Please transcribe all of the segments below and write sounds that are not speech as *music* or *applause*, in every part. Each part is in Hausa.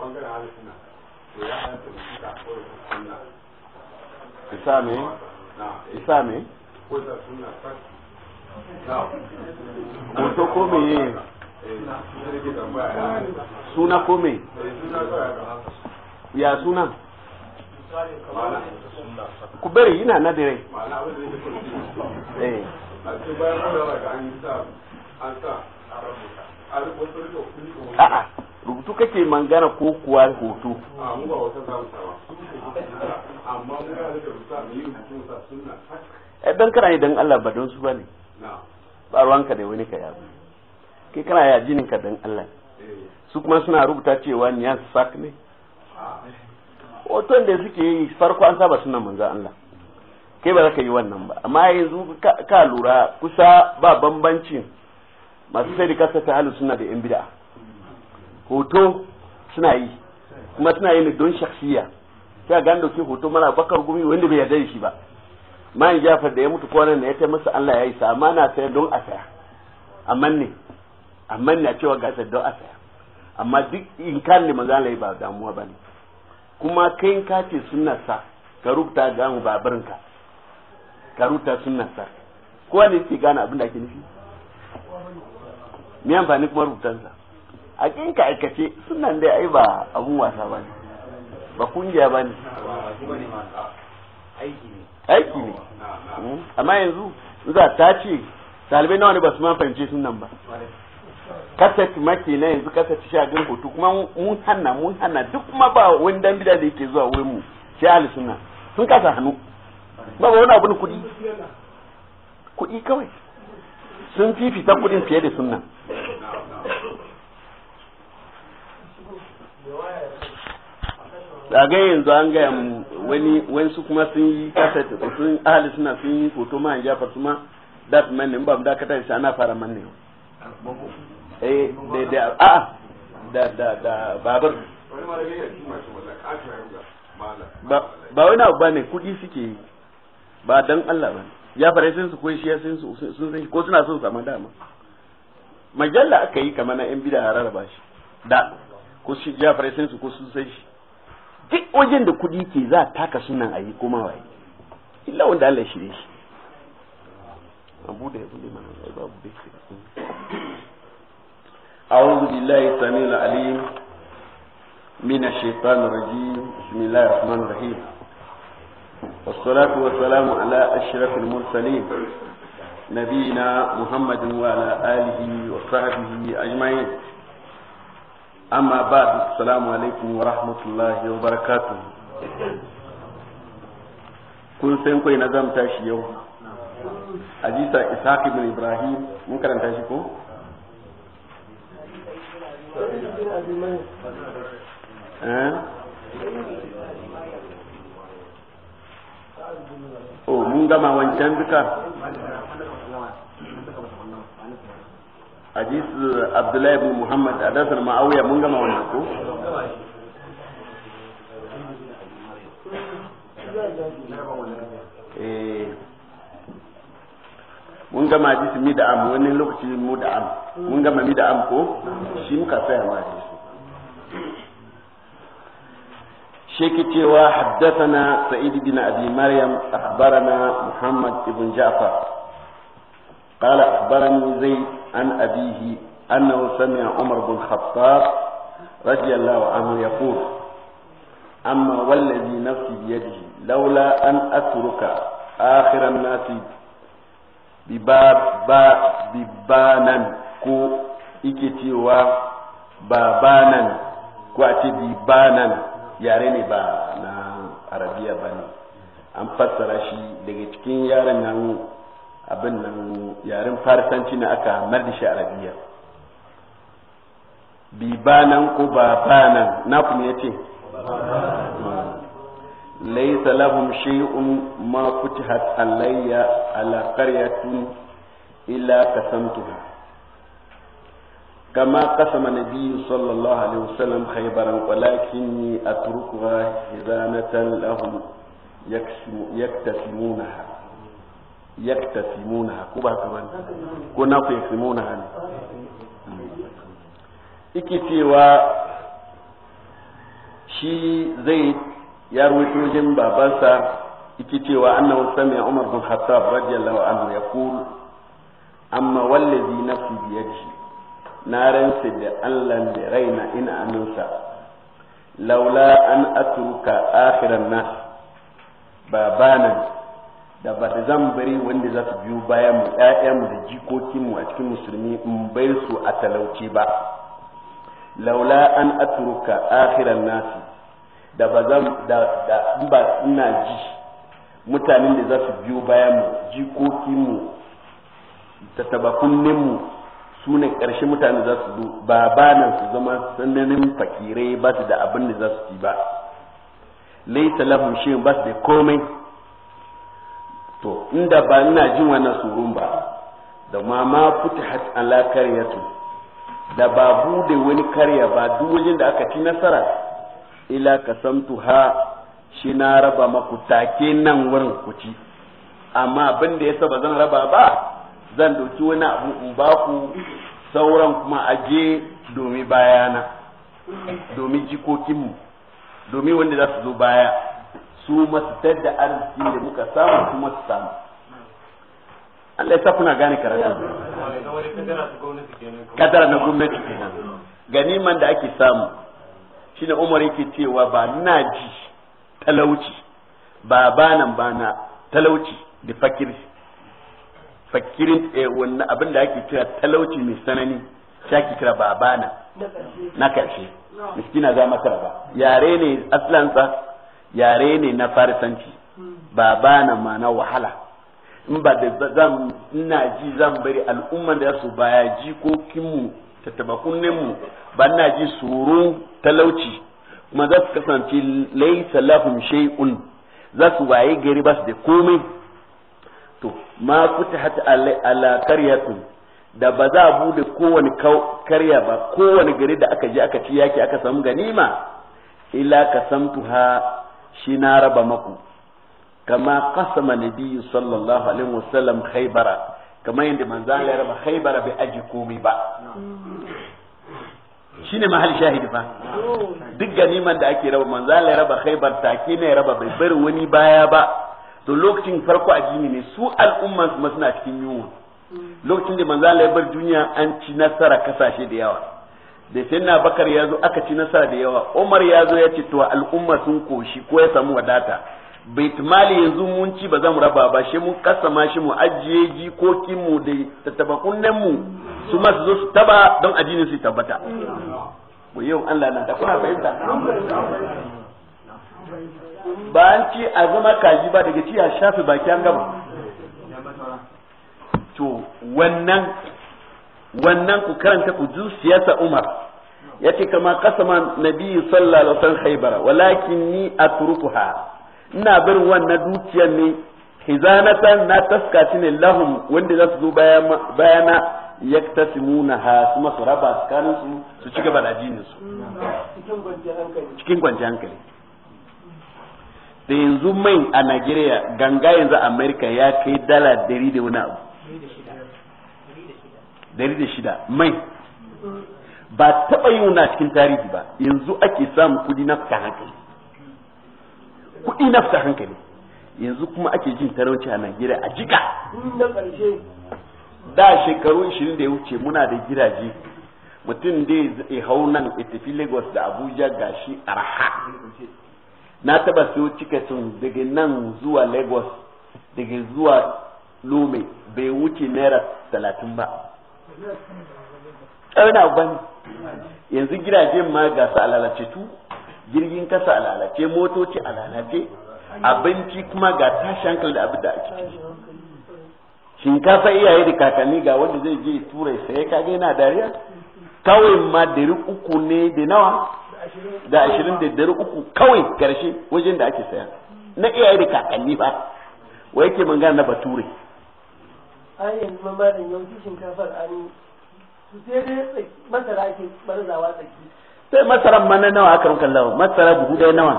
wanda ɗari suna na ya isa me hoto ko meye suna ko me ya suna ku bari ina na dire eh. a'a rubutu kake mangana ko kuwa hoto eh dan kana ne dan Allah ba don su bane ba ruwanka da wani ka yabo. kai kana ya jinin ka dan Allah eh. su kuma suna rubuta cewa niyan sak ne ah. hoton da suke yi farko an saba sunan manzo Allah kai ba za ka yi wannan ba amma yanzu ka lura kusa ba bambanci masu sai da kasa ta halin suna da yan bida hoto suna yi kuma suna yi ne don shaksiya sai ga ke hoto mana bakar gumi wanda bai yarda da shi ba man jafar da ya mutu kwanan ne ya taimaka Allah ya yi sa amma na sayar don a saya amma ne amma ne a cewa gasar don a saya amma duk in kan ne maza ba damuwa ba ne kuma kai ka ce suna sa ka rubuta ga mu babarinka ka rubuta sunna sa kowa ne yake gane abin da ake nufi me amfani kuma rubutan sa a ka aikace sunan dai ai ba abun wasa ba ne ba kungiya ba ne aiki ne amma yanzu za ta ce talibai nawa ne ba su ma fahimce sunan ba kasa ci maki na yanzu kaset sha gan hoto kuma mun hanna mun hanna duk ma ba wani dan bida da yake zuwa wurin mu sai ahli sunna sun kasa hannu ba wani abin kudi kudi kawai sun fifita kudin fiye da sunna daga yanzu an gaya wani wani kuma sun yi kasa sun ahali suna sun yi foto ma ya jafar su ma da manne ba mu dakata shi ana fara manne eh da da a da da da babar ba wani abu bane kudi suke yi ba dan Allah ba ya fara sun su koyi shiya sun su sun san ko suna son sama dama majalla aka yi kamar na yan bida harara ba shi da ko shi ya fara sun su ko sun san shi duk wajen da kudi ke za taka sunan ayi ko mawaye illa wanda Allah shirye shi abu da ya bude mana sai babu da shi أعوذ بالله السميع العليم من الشيطان الرجيم بسم الله الرحمن الرحيم والصلاة والسلام على أشرف المرسلين نبينا محمد وعلى آله وصحبه أجمعين أما بعد السلام عليكم ورحمة الله وبركاته kun san نظام تاشي يوم tashi yau بن إبراهيم ممكن أن mun karanta shi ko o oh, mun gama wancan duka hadis uh, abdullahi bin muhammad hadasar ma'auya mun gama wannan ko eh, mun gama da am wani lokaci da am mun gama am ko shi muka tsaya ma شيكتي وحدثنا حدثنا سعيد بن أبي مريم أخبرنا محمد بن جعفر قال أخبرني زيد عن أبيه أنه سمع عمر بن الخطاب رضي الله عنه يقول أما والذي نفسي بيده لولا أن أترك آخر الناس بباب ببانا كو و بابانا كو أتي ببانا yare ne ba na arabiya ba ne an fassara shi daga cikin yaren nan abin nan yaren farisanci ne aka mar da shi arabiya bibanan ko ba nan? na kuma ya ce laisa lahum shay'un ma futihat alayya ala qaryatin illa kasamtuha كما قسم النبي صلى الله عليه وسلم خيبرا ولكني اتركها هزانة لهم يكتسمونها يكتسمونها كبا كمان كنا يكتسمونها iki cewa shi zai ya rubuto jin babansa iki cewa annahu sami'a Umar bin Khattab radiyallahu anhu yaqul amma wallazi nafsi na rantse da Allah da raina ina aminsa laula an atruka akhiran nas nan da ba da zan bari wanda za su biyo bayan mu ɗaya mu da jikokin mu a cikin musulmi in bai su a talauci ba laula an atruka akhiran nas da ba zan da da ba ina ji mutanen da za su biyo bayan mu jikokin mu tattabakunnin su ne ƙarshe mutane za su ba ba nan su zama sananin fakirai ba su da abin da za su ci ba laisa lahum shi ba su da komai to inda ba ina jin wannan surun ba da ma ma futihat ala karyatu da ba bude wani karya ba duk wajen da aka ci nasara ila ha shi na raba maku take nan wurin ku amma abin da ya ba zan raba ba zan doki wani abu in ba ku sauran kuma aje domin bayana domin jikokinmu domin wanda za su zo baya su masu da arziki da muka samu kuma su samu Allah ya sa kuna gane karatu kadara na gwamnati kenan ganiman da ake samu shine Umar yake cewa ba na ji talauci ba banan ba na talauci da fakirci fakirin eh, wannan abin da ake kira talauci mai sanani shi ake kira babana na karshe miskina za maka ba yare ne aslansa yare ne na farisanci hmm. babana ma wahala in ba da zan ina ji zan bari al'umman da su baya jikokinmu mu ba na ji tsoron talauci kuma za su kasance laisa lahum shay'un za su waye gari ba su da komai to ma fitahat ala qaryatun da ba za a bude kowane karya ba kowane gari da aka je aka ci yaki aka samu ganima ila kasamtuha shi na raba maku kama qasama nabiyyu sallallahu alaihi wasallam khaybara kama yadda manzo Allah ya raba khaybara bai aji komai ba shine mahal shahidi fa duk ganiman da ake raba manzo Allah ya raba khaybar take ne raba bai bar wani baya ba to lokacin farko addini ne su al'umma su suna cikin yunwa lokacin da manzo Allah ya bar duniya an ci nasara kasashe da yawa da sai na bakar ya zo aka ci nasara da yawa umar ya zo ya ce to al'umma sun koshi ko ya samu wadata mali yanzu mun ci ba za mu raba ba shi mun kasama shi mu ajiye jikokin mu da tattabakunnen mu su ma su zo su taba don addinin su tabbata mu yau Allah na da kuna fahimta ba an ce a zama kaji ba daga ci a shafe baki an gama to wannan wannan ku karanta ku ji siyasa umar Ya ce kama kasama nabi sallallahu alaihi wasallam khaybara walakin ni atrukuha ina bar wannan dukiyar ne hizanatan na taskaci ne lahum wanda za su zo bayana yaktasimuna ha kuma su raba tsakanin su su ci gaba da jinin su cikin kwanciyar hankali da yanzu mai a Najeriya ganga yanzu Amerika ya kai dala dari da wani abu. Dari da shida mai. Ba taɓa yi wuna cikin tarihi ba yanzu ake samun kuɗi na fita hankali. Kuɗi na fita hankali. Yanzu kuma ake jin tarauci a Najeriya a jika. Da shekaru 20 da ya wuce muna da gidaje mutum dai ya hau nan ya tafi Lagos da Abuja gashi arha. na taba siyo tiketin daga nan zuwa lagos daga zuwa lome bai wuce naira talatin ba ƙarna ban yanzu gidajen ma ga su tu, jirgin kasa alalace motoci alalace abinci kuma ga tashi da abin da ake ciki shinkafa iyaye da kakanni ga wanda zai je tura sai kaga yana dariya kawai ma dari uku ne da nawa da ashirin da dare uku kawai karshe wajen da ake saya na iyaye da kakanni ba wa yake manga na bature yanzu shinkafar sai dai masara ake barzawa tsaki sai masaran mana nawa aka runka lawa masara buhu dai nawa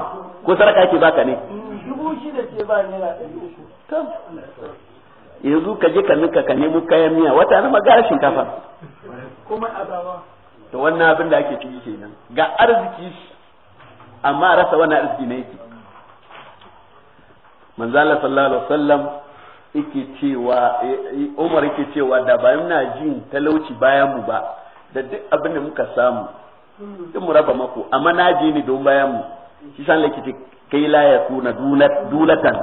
ko sarka ake baka ne ba yanzu ka je ka ninka ka nemo kayan miya wata na magara shinkafa to wannan abin da ake ciki kenan ga arziki amma rasa wannan arziki ne yake manzala sallallahu alaihi wasallam yake cewa Umar yake cewa da ba muna jin talauci bayan mu ba da duk abin da muka samu duk mu raba mako amma na je ni don bayan mu shi san kai la ya kuna dulatan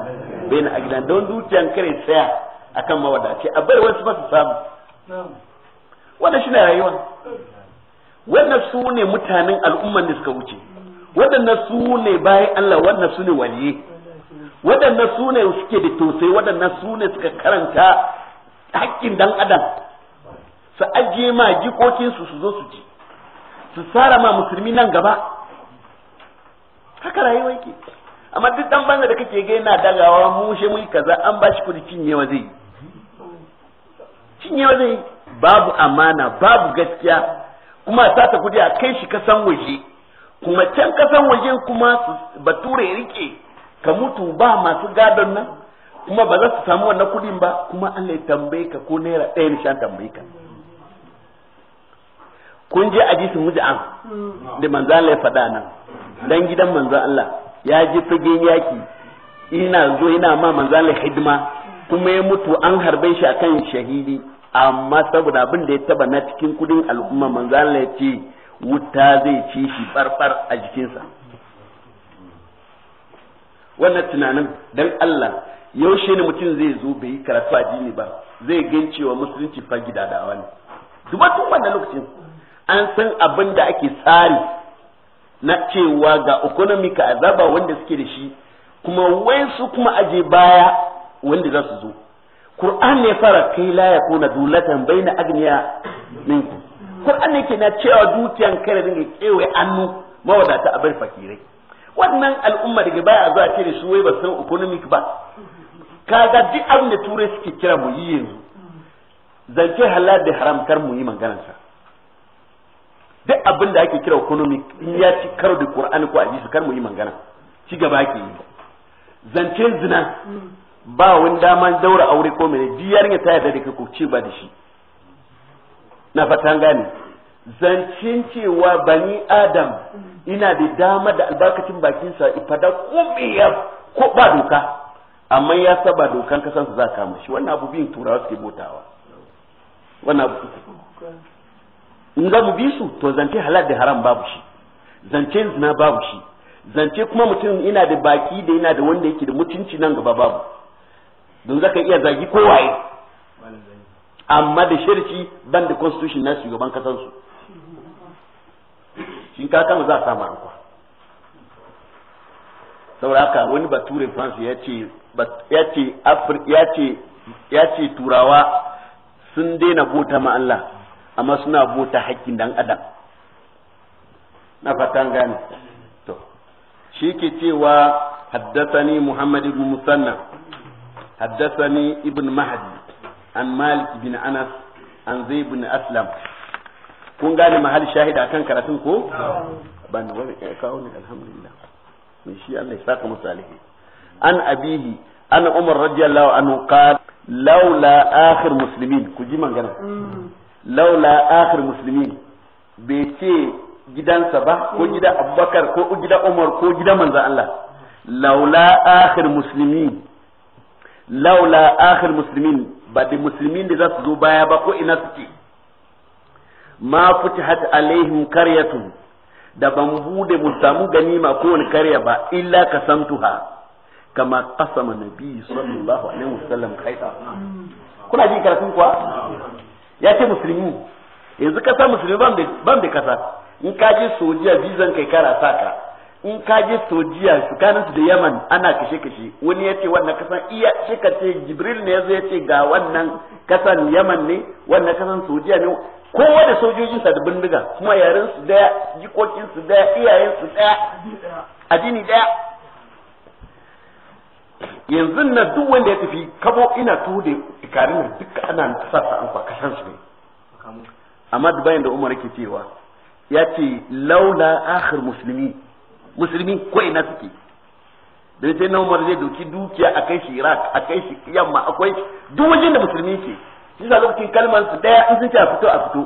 bain gida don dukiyan kare tsaya akan mawadaci a bar wasu ba su samu wannan shine rayuwa wannan su ne mutanen al'umman da suka wuce waɗannan su ne bayan Allah wannan su ne waliye waɗannan su ne suke da tausayi waɗannan su ne suka karanta haƙƙin dan adam su ajiye ma jikokinsu su zo su ci su tsara ma musulmi nan gaba haka rayuwa yake amma duk dan banza da kake ga yana dagawa mu she mu kaza an ba shi kudi cinyewa zai cinyewa zai babu amana babu gaskiya kuma sa ta kudi a kai shi kasan waje kuma can kasan waje kuma bature rike ka mutu ba masu gadon nan kuma ba za su samu wannan kudin ba kuma Allah ya tambaye ka ko naira ɗaya nishan tambaye ka kun je ajisin an da manzo Allah ya faɗa nan dan gidan manzo Allah ya ji fage yaki ina zo ina ma manzo Allah hidima kuma ya mutu an harbe shi akan shahidi amma saboda abin da ya taba na cikin kudin al'umma manzo Allah ya ce wuta zai ci shi farfar a jikinsa wannan tunanin dan Allah yaushe ne mutum zai zo bai yi karatu addini ba zai gan cewa musulunci fa da ne duba tun wannan lokacin an san abin da ake tsari na cewa ga economic azaba wanda suke da shi kuma wai su kuma aje baya wanda za su zo Qur'an ne fara kai la ya kuna dulatan baina agniya minku Qur'an ne ke na cewa dukiyan kare dinga kewaye annu mawadata a bar fakirai wannan al'umma daga baya zuwa ce da su wai ba san economic ba kaga duk abin da turai suke kira mu yi yanzu zance halal da haram kar mu yi maganar sa duk abin da ake kira economic in ya ci karo da Qur'ani ko hadisi kar mu yi magana ci gaba ke yi zance zina ba wani daman daura aure ko mene duk yarinya ta yarda da kai ko ci ba da shi na fatan gane zancin cewa bani adam ina da dama da albarkacin bakinsa ifada ko biya ko ba doka amma ya saba dokan kasan su za ka shi wannan abu biyun turawa suke botawa wannan abu in ga mu bi su to zance halal da haram babu shi zance zina babu shi zance kuma mutum ina da baki da ina da wanda yake da mutunci nan gaba babu don zaka iya zagi kowaye amma da shirci ban da constitution na shugaban kasar su shi ka kama za a samu rankwa saboda haka wani bature france ya ce ya ce ya ce ya ce turawa sun daina bota ma Allah amma suna bota haƙƙin dan adam na fatan gane to shi ke cewa haddathani muhammad ibn musanna حدثني ابن مهدي عن مالك بن أنس عن زيد بن أسلم kun mahal shahida akan karatun ko ban wani kawo ne alhamdulillah mai shi Allah ya saka an abihi an umar radiyallahu anhu qala laula akhir muslimin ku ji magana laula akhir muslimin bai ce gidansa ba ko gida abubakar ko gida umar ko gida manzan Allah laula akhir laula akhir muslimin ba da musulmin da za su zo baya ba ko ina suke ma futihat alaihim karyatun da ban bude mu samu ganima ko wani karya ba illa kasamtuha kama qasama nabi sallallahu alaihi wasallam khaita kuna ji karatun kuwa ya ce musulmi yanzu kasa musulmi ban da kasa in ka ji sojiya bizan kai kara saka in ka je sojiya tsakanin su da yaman ana kashe kashe wani ya ce wannan kasan iya shi ka ce jibril ne ya ce ga wannan kasan yaman ne wannan kasan sojiya ne kowa da sojojin sa da bindiga kuma yaren su daya jikokin su daya iyayen su daya addini daya yanzu na duk wanda ya tafi kabo ina tuhu da tikarin duk ana sassa an kwa kasan su ne amma bayan da umar ke cewa ya ce laula akhir muslimin musulmi ko ina suke don sai na umar zai doki dukiya a kai shi iraq a kai shi yamma akwai duk wajen da musulmi ke shi sa lokacin kalmar su daya in sun ce a fito a fito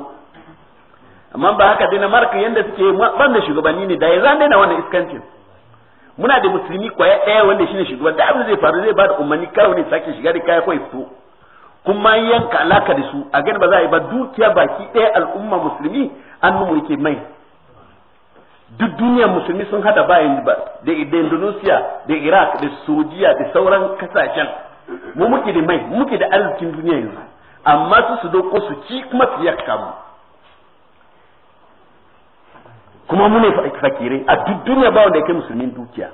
amma ba haka dai na marka yanda suke ban da shugabanni ne da ya zan daina wannan iskancin muna da musulmi kwaya daya wanda shine shugaban da abin zai faru zai ba da umarni kawai ne sake shiga da kaya kawai fito kuma yanka alaka da su a gani ba za a yi ba dukiya baki daya al'umma musulmi an mulke mai duk duniyar musulmi sun hada bayan da indonesia da iraq da saudiya da sauran kasashen mu muke da mai muke da arzikin duniya yanzu amma su su doko su ci kuma su yakka mu kuma mu ne fakirai a duk duniya ba wanda yake musulmin dukiya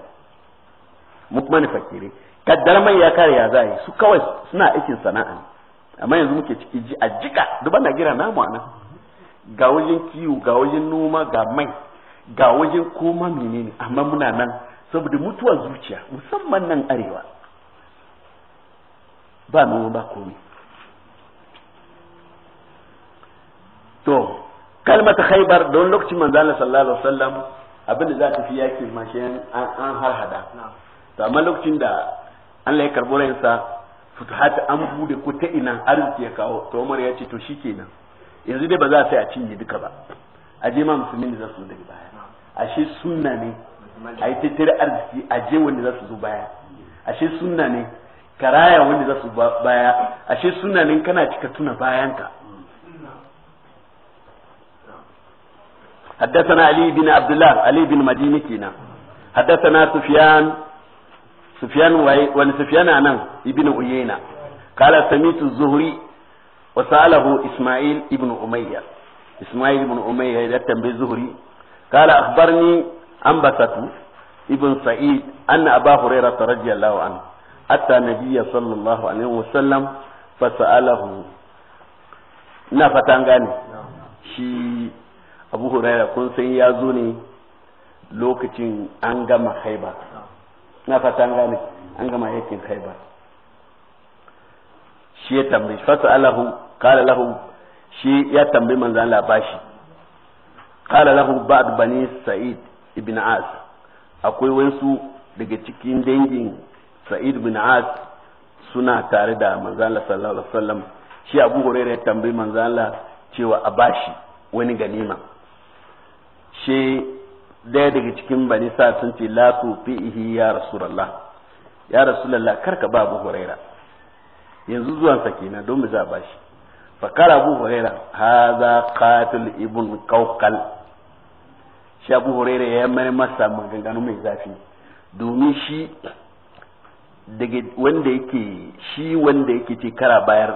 mu kuma ne fakirai kaddar mai ya kare ya zai su kawai suna aikin sana'a amma yanzu muke ciki ji a jika duban na gira namu anan ga wajen kiwo ga wajen noma ga mai ga waje koma menene amma muna nan saboda mutuwa zuciya musamman nan arewa ba noma ba komai to kalmata khaibar don lokacin manzo Allah sallallahu alaihi wasallam abinda za ta fi yaki mashi an harhada to amma lokacin da Allah ya karbo ransa futuhat an bude ko ta ina arziki ya kawo to Umar ya ce to shikenan yanzu dai ba za a sai a cinye duka ba a je ma musulmin da za su daga baya ashe sunna ne a yi tattare arziki a je wanda za su zo baya ashe sunna ne karaya wanda za su baya ashe sunna ne kana cika tuna bayanka حدثنا علي بن عبد الله علي بن na Sufiyan حدثنا سفيان سفيان وان سفيان عن ابن عيينة قال سميت الزهري Isma'il Ibn ابن Isma'il Ibn ابن أمية يتم بالزهري قال أخبرني أنبسة ابن سعيد أن أبا هريرة رضي الله عنه أتى النبي صلى الله عليه وسلم فسأله ina fatan gane shi abu huraira kun san ya zo ne lokacin an gama haiba ina fatan gane an gama yakin haiba shi ya tambayi fasa alahu kala lahu shi ya tambayi manzan Allah bashi qala lahu ba'd bani sa'id ibn as akwai wasu daga cikin dangin sa'id ibn as suna tare da manzala sallallahu alaihi wasallam shi abu hurairah ya tambayi manzala cewa a bashi wani ganima shi daya daga cikin bani sa sun ce la tufihi ya rasulullah ya rasulullah karka ba abu hurairah yanzu zuwansa kenan don mu za bashi fakara abu hurairah hadha qatil ibn qawqal shi abu huraira ya mai masa maganganu mai zafi domin shi daga wanda yake shi wanda yake ce kara bayar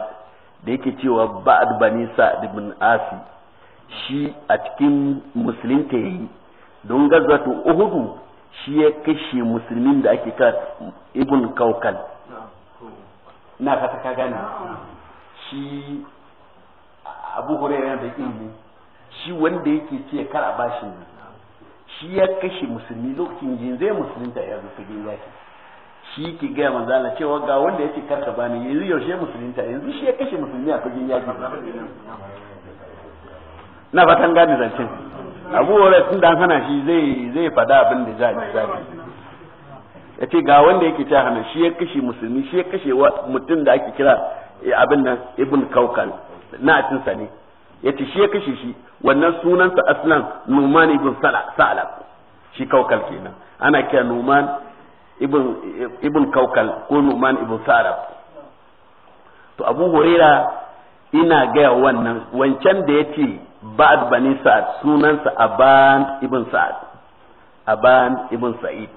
da yake cewa ba'ad bani da ibn asi shi a cikin musulunta yayi don gazatu uhudu shi ya kashe musulmin da ake kira ibn kaukal na fata ka gane shi abu hurairah da ilimi shi wanda yake ce kara bashi ne shi ya kashe musulmi lokacin jin zai musulunta ya zo fagen yaki shi ke gaya mazana cewa ga wanda ya ce karka bani yanzu yaushe musulunta yanzu shi ya kashe musulmi a fagen yaki na fatan gani zancen abu wara tun da hana shi zai zai fada abin da za a ya ce ga wanda yake ta hana shi ya kashe musulmi shi ya kashe mutum da ake kira eh, abin nan ibn kaukan na atinsa ne yace shi ya kashe shi wannan sunansa aslan numan ibn sa'lab shi kaukal kenan ana kira numan ibn ibn kaukal ko numan ibn sa'lab to abu huraira ina gaya wannan wancan da yace ba'd bani sa'ad sunansa aban ibn sa'ad aban ibn sa'id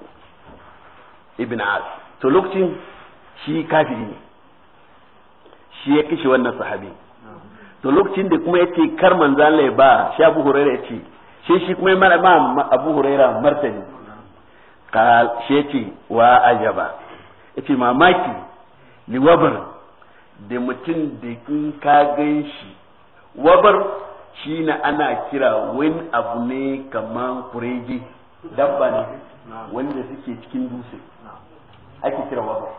ibn as to lokacin shi kafiri ne shi ya kashe wannan sahabi to lokacin da kuma yake kar manzan lai ba shi Abu ya ce shi shi kuma mara ma Abu huraira martani ka shi ce wa ajaba ce mamaki wabar da mutum da kun ka gan shi wabar shi na ana kira wani abu ne kamar kurege dabba ne wanda suke cikin dutse ake kira wabar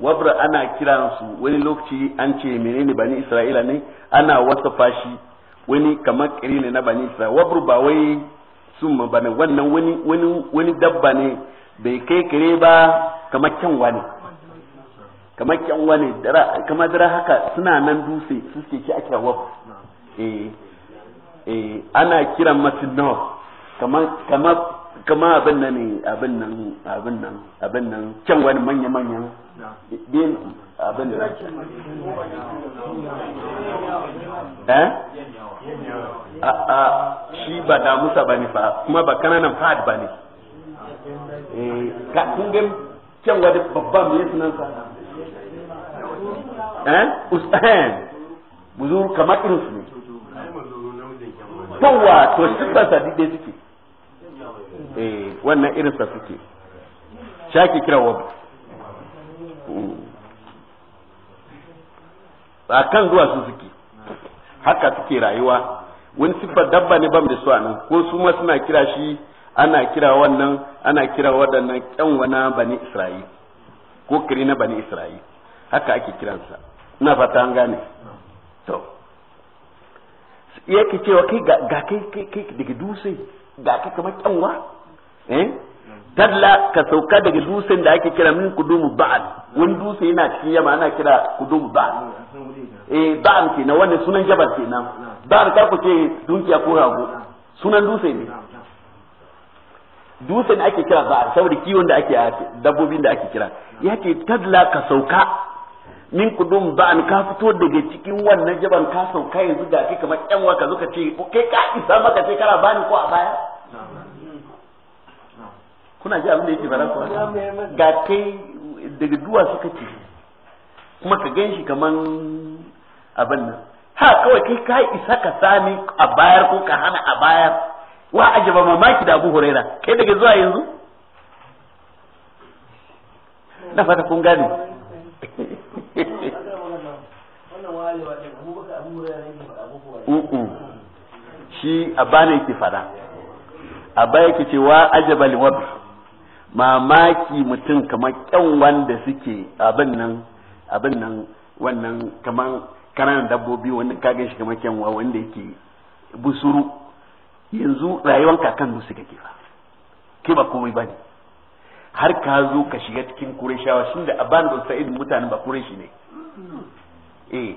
wabar ana kiransu wani lokaci an ce menene bani isra'ila ne ana wasafa shi wani kamar kiri ne na bani sa wabur ba wai sun ma bane wannan wani wani wani dabba ne bai kai kire ba kamar kyanwa ne kamar kyanwa ne kamar dara haka suna nan dutse suke ci ake wa eh eh ana kiran masu nawa kamar kamar kama abin nan ne abin nan abin nan abin nan can wani manya manya din abin nan eh a a shi ba musa bane fa kuma ba kananan fad bane eh ka kun ga can wani babban me sunan sa eh ustahan buzur kamar irin su ne yawa to shi ba sadi suke Eh, wannan irin sa suke shaki kira ba hmm. a kan zuwa su suke haka suke rayuwa wani siffar dabba ne ban da su nan ko su ma suna kira shi ana kira wannan ana kira waɗannan kyanwa na bani isra'il ko kiri na bani isra'il haka ake kiransa ina fata an gane to yake cewa kai ga kai kai daga dusai ga kai kamar kyanwa Eh? tadla ka sauka daga dusen da ake kira min kudumu ba'al wani dutse yana cikin yamma ana kira kudumu ba'al eh ba'al kenan wannan sunan jabal kenan ba'al ka ku ce dunkiya ko rago sunan dutse ne dutsen da ake kira ba'al saboda kiwon da ake dabbobin da ake kira yake tadla ka sauka min kudum ba'an ka fito daga cikin wannan jaban ka sauka yanzu da kai kamar yan waka zuka ce kai ka isa maka ce kana bani ko a baya kuna ji abin da yake fara kuwa ga kai daga duwa suka ce kuma ka gan shi kaman abin nan ha kawai kai ka isa ka sami a bayar ko ka hana a bayar wa ajaba mamaki da abu huraira kai daga zuwa yanzu na fata kun gane *laughs* shi abana yake fada abba yake ce wa ajaba liwabi mamaki mutum kamar kyan wanda suke abin nan abin nan wannan kamar kananan dabbobi wanda kagan shi kamar kyanwa wanda yake busuru yanzu rayuwar kakan su kake ba ke ba komai ba ne har ka zo ka shiga cikin kureshawa shi da abin da sa'id mutanen ba kureshi ne eh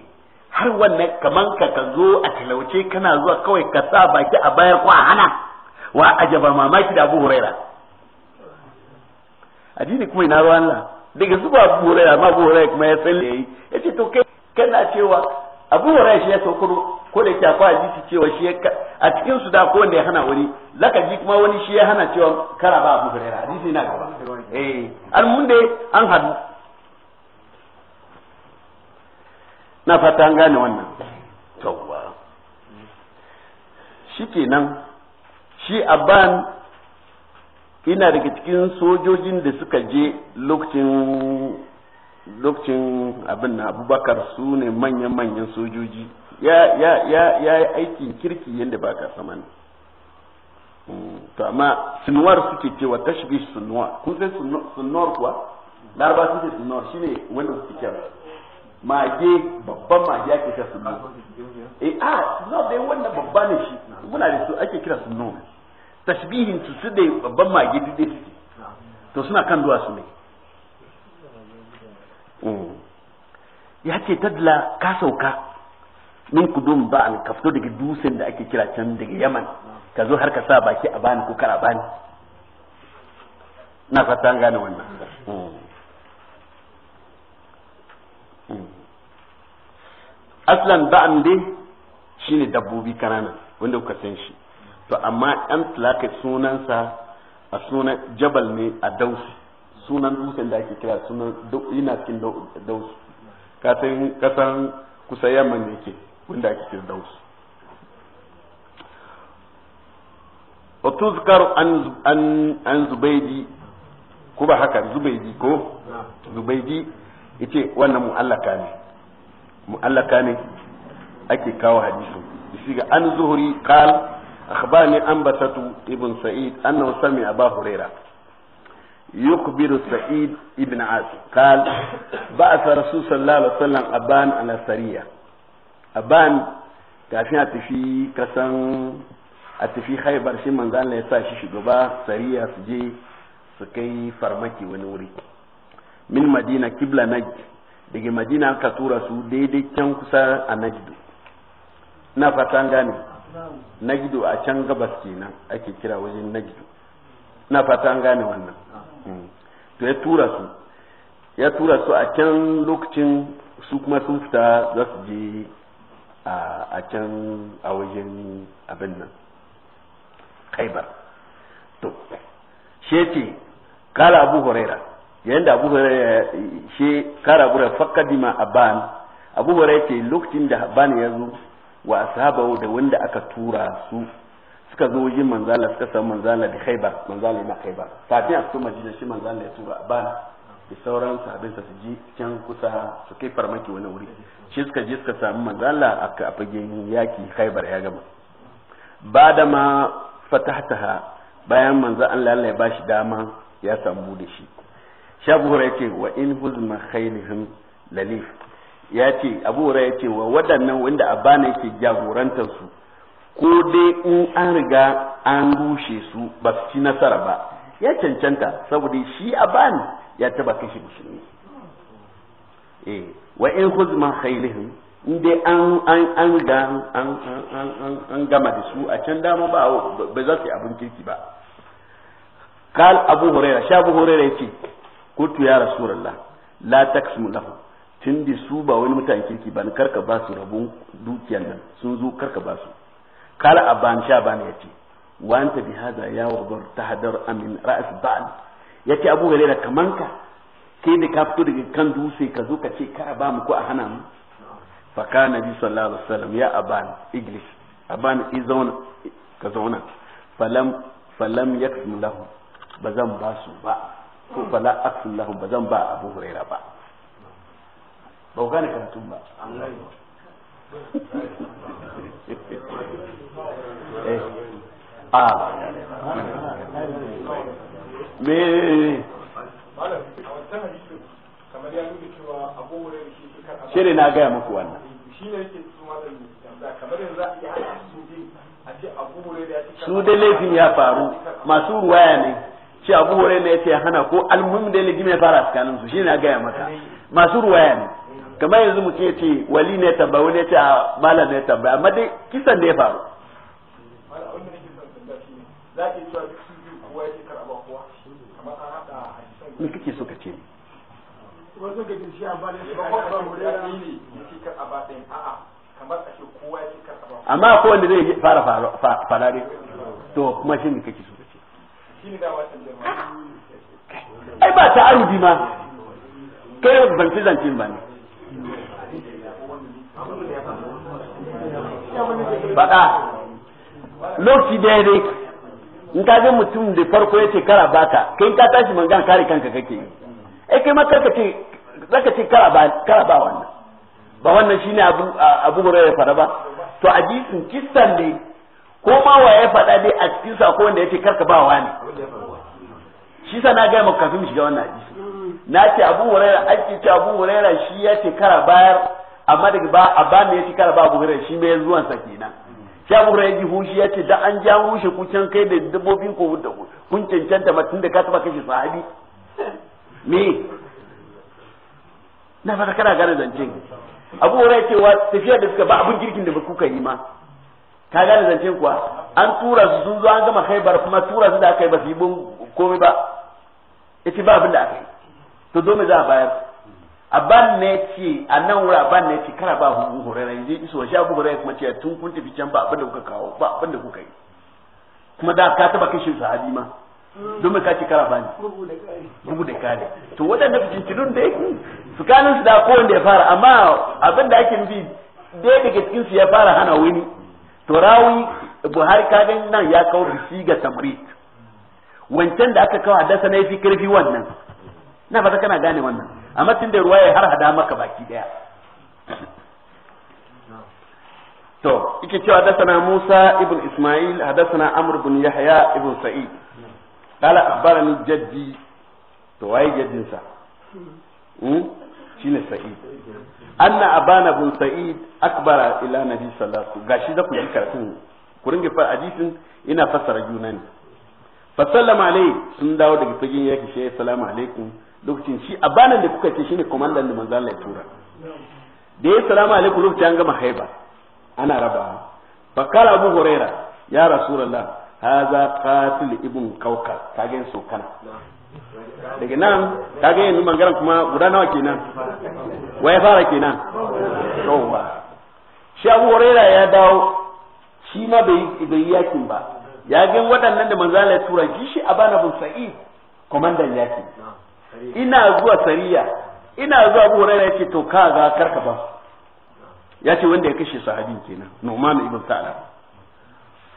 har wannan kamar ka ka zo a talauce kana zuwa kawai ka sa baki a bayar ko a hana wa ajaba mamaki da abu huraira addini kuma ina ruwan Allah daga zuba Abu Hurairah ma Abu Hurairah kuma ya san yayi yace to kai kana cewa Abu Hurairah shi ya sokoro ko da ke akwai hadisi cewa shi a cikin su da ko wanda ya hana wani zaka ji kuma wani shi ya hana cewa kara ba Abu Hurairah hadisi na gaba eh al munde an hadu na fata an gane wannan tawwa shikenan shi abban ina daga cikin sojojin da suka je lokacin lokacin abin na abubakar su ne manyan-manyan sojoji ya yi aikin kirki yadda ba ka sama ne mm, to amma sunuwar suke cewa tashbi sunuwa kun sai sunuwar kuwa laraba suke sunuwar shine wanda suke kira mage babban mage ake kira sunuwar eh a ah, sunuwar dai wanda babba ne shi muna da su ake kira sunuwar tashbihin su su da babban mage duk su to suna kan duwatsu ne mm. ya ce tadla ka sauka min kudum ba'an ka fito daga dusin da ake kira can daga yaman ka zo har ka sa baki a bani ko kara bani na fata an gane wannan mm. Mm. aslan ba'an dai shine dabbobi kanana wanda kuka san shi to amma an tilaka sunansa a sunan jabal ne a dausu sunan dutsen da ake kira sunan yana cikin dausu kasan kasan kusa yamma ne ke wanda ake kira dausu وتذكر عن an zubaidi زبيدي ba haka zubaidi ko zubaidi yace wannan mu'allaka ne mu'allaka ne ake kawo hadisi shi ga an zuhuri kal. أخبرني أنبتة ابن سعيد أنه سمع أبا هريرة يخبر سعيد ابن عاصم قال بعث رسول صلى الله عليه وسلم أبان على سرية أبان kafin a tafi kasan a tafi haibar shi manzo Allah ya sa shi shugaba sariya su je su kai farmaki wani wuri min madina kibla najd daga madina aka tura su daidai can kusa a najd na fatan gane nagido a can gabas kenan ake kira wajen nagido na fata an gane wannan hmm. to ya tura su ya tura su a can lokacin su kuma sun fita za su je a can a wajen abin nan kaibar to she ce kala abu huraira yayin da abu huraira she kara gura fakadima ban abu huraira ce lokacin da aban ya zo wa asaba da wanda aka tura su suka zo wajen manzala suka samu manzala da khaiba manzala yana khaibar kafin a madina shi manzala ya tura bana da sauran sa su ji can kusa su kai farmaki wani wuri shi suka je suka samu manzala a fage yaki khaibar ya gama ba da ma fatahtaha bayan manzo Allah Allah ya bashi dama ya samu da shi shabu ya ce wa in huzma khailihim lalif ya ce abu ya ce wa waɗannan wanda abana yake jagorantar su ko dai in an riga an rushe su ba su ci nasara ba ya cancanta saboda shi aban ya taba kashe musulmi eh wa in khuzma khailihim in dai an an an ga an an an gama da su a can dama ba ba za su yi abin kirki ba kal abu هريرة شاب هريرة يتي قلت يا رسول الله لا تقسم tun da su ba wani mutane kirki ba ni karka ba su rabon dukiyan nan sun zo karka ba su kala ban sha ya ce wa anta bi haza ya wabar hadar amin ra'as ba'al ce abu galera kaman ka kai da ka fito daga kan dutse ka zo ka ce ka ba mu ko a hana mu fa ka nabi sallallahu alaihi wasallam ya aban iglis aban izon ka zauna falam falam yaksmu lahu bazan ba su ba ko fala aksul lahu bazan ba abu huraira ba ba ku gane karatun ba *laughs* eh, a me shi ne na gaya muku wannan su da laifin ya faru masu ruwaya ne ce abu hore ne ya ce hana ko almuhim da ya fara tsakanin su shi ne na gaya maka masu ruwaya ne kamar yanzu mu ce ce wali ne tambaya wani ya ce a malam ne tambaya amma dai kisan da ya faru me kake so ka ce ba amma ko wanda zai fara farare to kuma shi ne kake so ka ce ai ba ta arudi ma kai ban fi zance ba ne faɗa lokaci daidai in ka ga mutum da farko ya ce kara baka kai ka tashi mangan kare kanka kake ai eh, kai ma karka ce zaka ce kara ba kara ba wannan ba wannan shine abu abu ya fara ba to a jisin kistan ne ko ma wa ya fada dai a cikin sa ko wanda ya ce karka ba wani shi sa na ga mu kafin shiga wannan hadisi na ce abu hurairah ake ce abu hurairah shi ya ce kara bayar amma daga ba a ba ne ya ci kara ba abu hurairah shi mai zuwan sa kenan shi abu ya ji hushi ya ce da an ja rushe ku can kai da dabbobin ko da kun cancanta ma da ka taba kashe sahabi *laughs* me na fata kana gane zancen abu hurairah cewa tafiya da suka ba abin girkin da ba kuka yi ma ka gane zancen kuwa an tura su sun zo an gama haibar kuma tura su da aka yi ba su yi komai ba yace ba abin da aka yi to zo me za a bayar aban ne ce a nan wuri aban ne ce kana ba hudu horarai yanzu iso wa abu horarai kuma ce tun kun tafi can ba abin da kuka kawo ba abin da kuka yi kuma da ka taba kashe sahabi ma don ka ce kara bani bugu da kare to waɗanda fitintinun da yake tsakanin su da kowanne ya fara amma abin da ake nufi ɗaya daga cikin su ya fara hana wani to rawi buhari kagan nan ya kawo risi ga tamrit wancan da aka kawo haddasa na fi karfi wannan na fata kana gane wannan amma tun da ruwa ya har hada maka baki daya to yake cewa hadathana Musa ibn Ismail hadathana Amr ibn Yahya ibn Sa'id qala akhbarani jaddi to waye jaddin sa hmm shine Sa'id anna abana ibn Sa'id akbara ila nabi sallallahu alaihi gashi da ku yi karatun ku ringe fa hadisin ina fassara juna ne fa sallama alai sun dawo daga fagen yaki shi assalamu alaikum lokacin shi abanan da kuka ce ne komandan da manzan Allah ya tura da ya salama alaikum lokacin an gama haiba ana raba bakar abu huraira ya rasulullah haza qatil ibn kaukar kage so kana daga nan kagen yanzu mangaran kuma guda nawa kenan waye fara kenan yawa shi abu huraira ya dawo shi ma bai yakin ba ya ga waɗannan da manzan Allah ya tura shi shi abana bin sa'id komandan yakin ina zuwa sariya ina zuwa abu hurairah yace to ka ga karka ba yace wanda ya kashe sahabin kenan numan ibn sa'la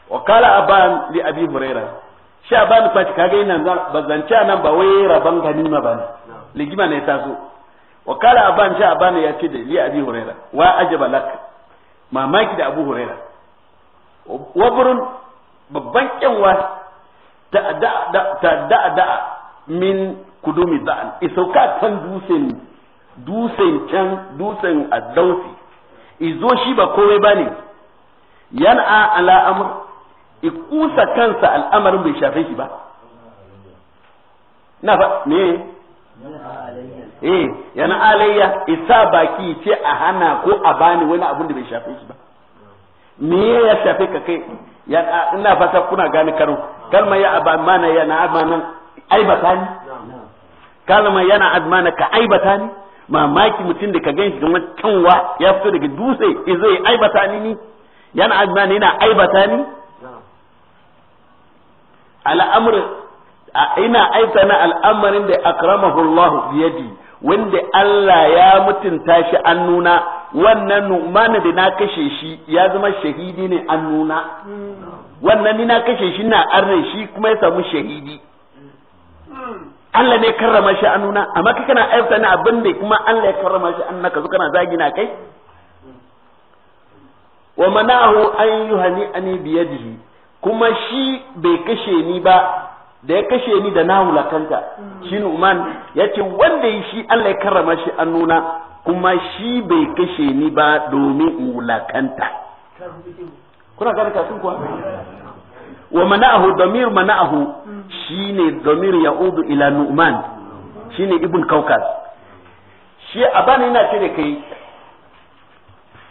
wa qala aban li abi hurairah sha ban fati kaga ina bazance nan ba wai gani ganima ba ligima ne ta so wa qala aban sha aban yace da li abi hurairah wa ajaba lak mamaki da abu hurairah waburun babban kyanwa ta da da min Ku kudumi za'an isauka kan dusen dusen can dusen addausi izo shi ba ba bane yan'a ala amr ikusa kansa al'amarin bai shafe shi ba na fa me eh yana alayya isa baki ce a hana ko a bani wani abun da bai shafe shi ba me ya shafe ka kai ya ina fata kuna gane karo kalma ya aba mana ya na amanan ai ba sani kalma yana azmana ka aibata ni mamaki mutum da ka gan shi kamar canwa ya fito daga dutse zai aibata ni ni yana azmana yana aibata ni al'amr ina aibata na al'amarin da akramahu Allah biyadi wanda Allah ya mutunta shi an nuna wannan nu'mana da na kashe shi ya zama shahidi ne an nuna hmm. wannan ni na kashe shi na arne shi kuma ya samu shahidi hmm. Allah ne karrama shi a nuna amma kai kana aifta na abin da kuma Allah ya karrama shi an naka zo kana zagi na kai wa manahu an yuhani ani biyadihi kuma shi bai kashe ni ba da ya kashe ni da na wulakanta shine Uman yace wanda yi shi Allah ya karrama shi an nuna kuma shi bai kashe ni ba domin wulakanta kuna gane kuwa wa mana'ahu damir mana'ahu shine damir ya'udu ila nu'man shine ibn kaukas shi abana yana ce da kai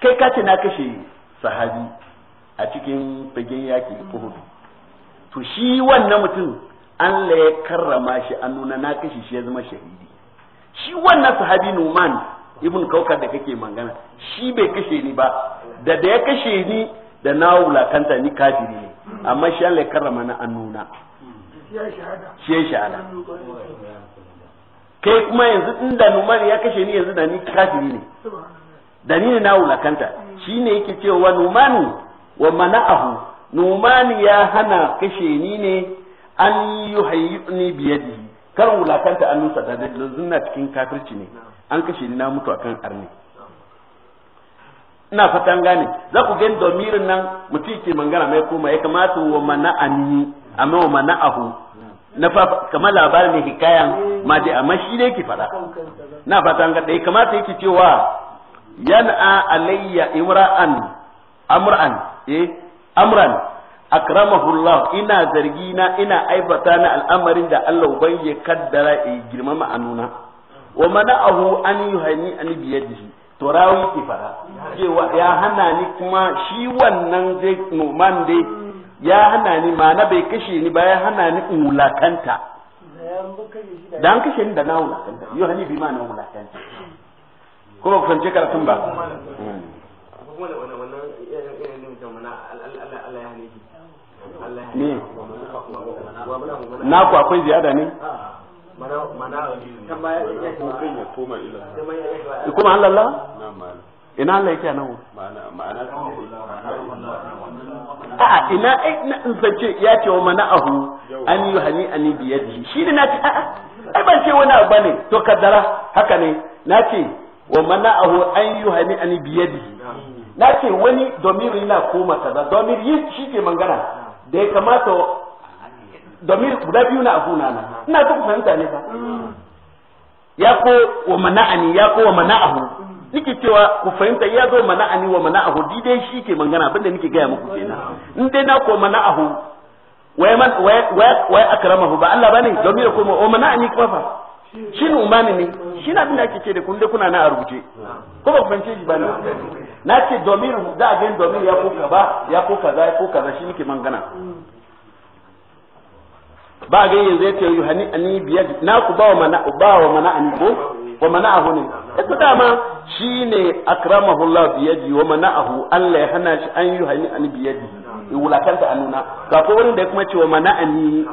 kai ka ce na kashe sahabi a cikin fagen yaki uhud to shi wannan mutum Allah ya karrama shi an nuna na kashe shi ya zama shahidi shi wannan sahabi numan ibn kaukas da kake magana shi bai kashe ni ba da da ya kashe ni da na wulakanta ni kafiri ne amma shi Allah ya karrama na annuna shi ya shahada kai kuma yanzu inda numar ya kashe ni yanzu da ni kafiri ne da ni ne na wulakanta shi ne yake cewa numanu wa mana'ahu numani ya hana kashe ni ne an yi hayyuni biyadi karin wulakanta an nusa da zunna cikin kafirci ne an kashe ni na mutu akan arni ina fatan gane za ku gani domirin nan mutum ke mangana mai koma ya kamata wa mana a mai wa mana ahu na fa kamar labarin ne hikayan ma dai amma shi ne ke fada na fatan ga dai kamata yake cewa yan'a alayya imra'an amran eh amran akramahu Allah ina zargi na ina aibata na al'amarin da Allah ubangi ya kaddara ya girmama anuna wa mana'ahu an yuhani an biyadihi to rawi cewa ya hana ni kuma shi wannan zai numan dai ya hana ni ma na bai kashe ni ba ya hana ni in wulakanta da an kashe ni da na wulakanta yau hani bi ma na wulakanta kuma kusan ce karatun ba ne na ku akwai ziyada ne kuma an lalla? ina Allah yake nan a'a ina eh, in zance ya ce wa mana ahu an yi hani an yi biyar biyadi shi ne na ce a'a ai ban ce wani abu ne to kaddara haka ne na ce wa mana ahu an yi hani an yi ani biyadi na ce wani domiri na koma kaza domiri shi ke mangana da ya kamata domin guda biyu na abuna na ina ta fahimta ne fa ya ko wa mana'ani ya ko wa mana'ahu nike cewa ku fahimta ya zo mana'ani wa mana'ahu didai shi ke mangana abinda nike gaya muku kenan in dai na ko mana'ahu wai man wai akramahu ba Allah bane domin k'o ma, wa oh, mana'ani kuma fa shin umani ne shi na abin da ake ce da kun da kuna na a rubuce ko ba fahimce shi bane na ce domin da a gani domin ya ko kaza ya ko kaza ya ko kaza shi nike mangana ba ga yanzu ya ce yuhani ani biya na ku ba wa mana ba wa mana ani ko wa mana ahu ne ita dama shine akramahu Allah ji wa mana ahu Allah ya hana shi an yuhani ani biyadi ya wulakanta annuna ga ko wurin da ya kuma ce wa mana ani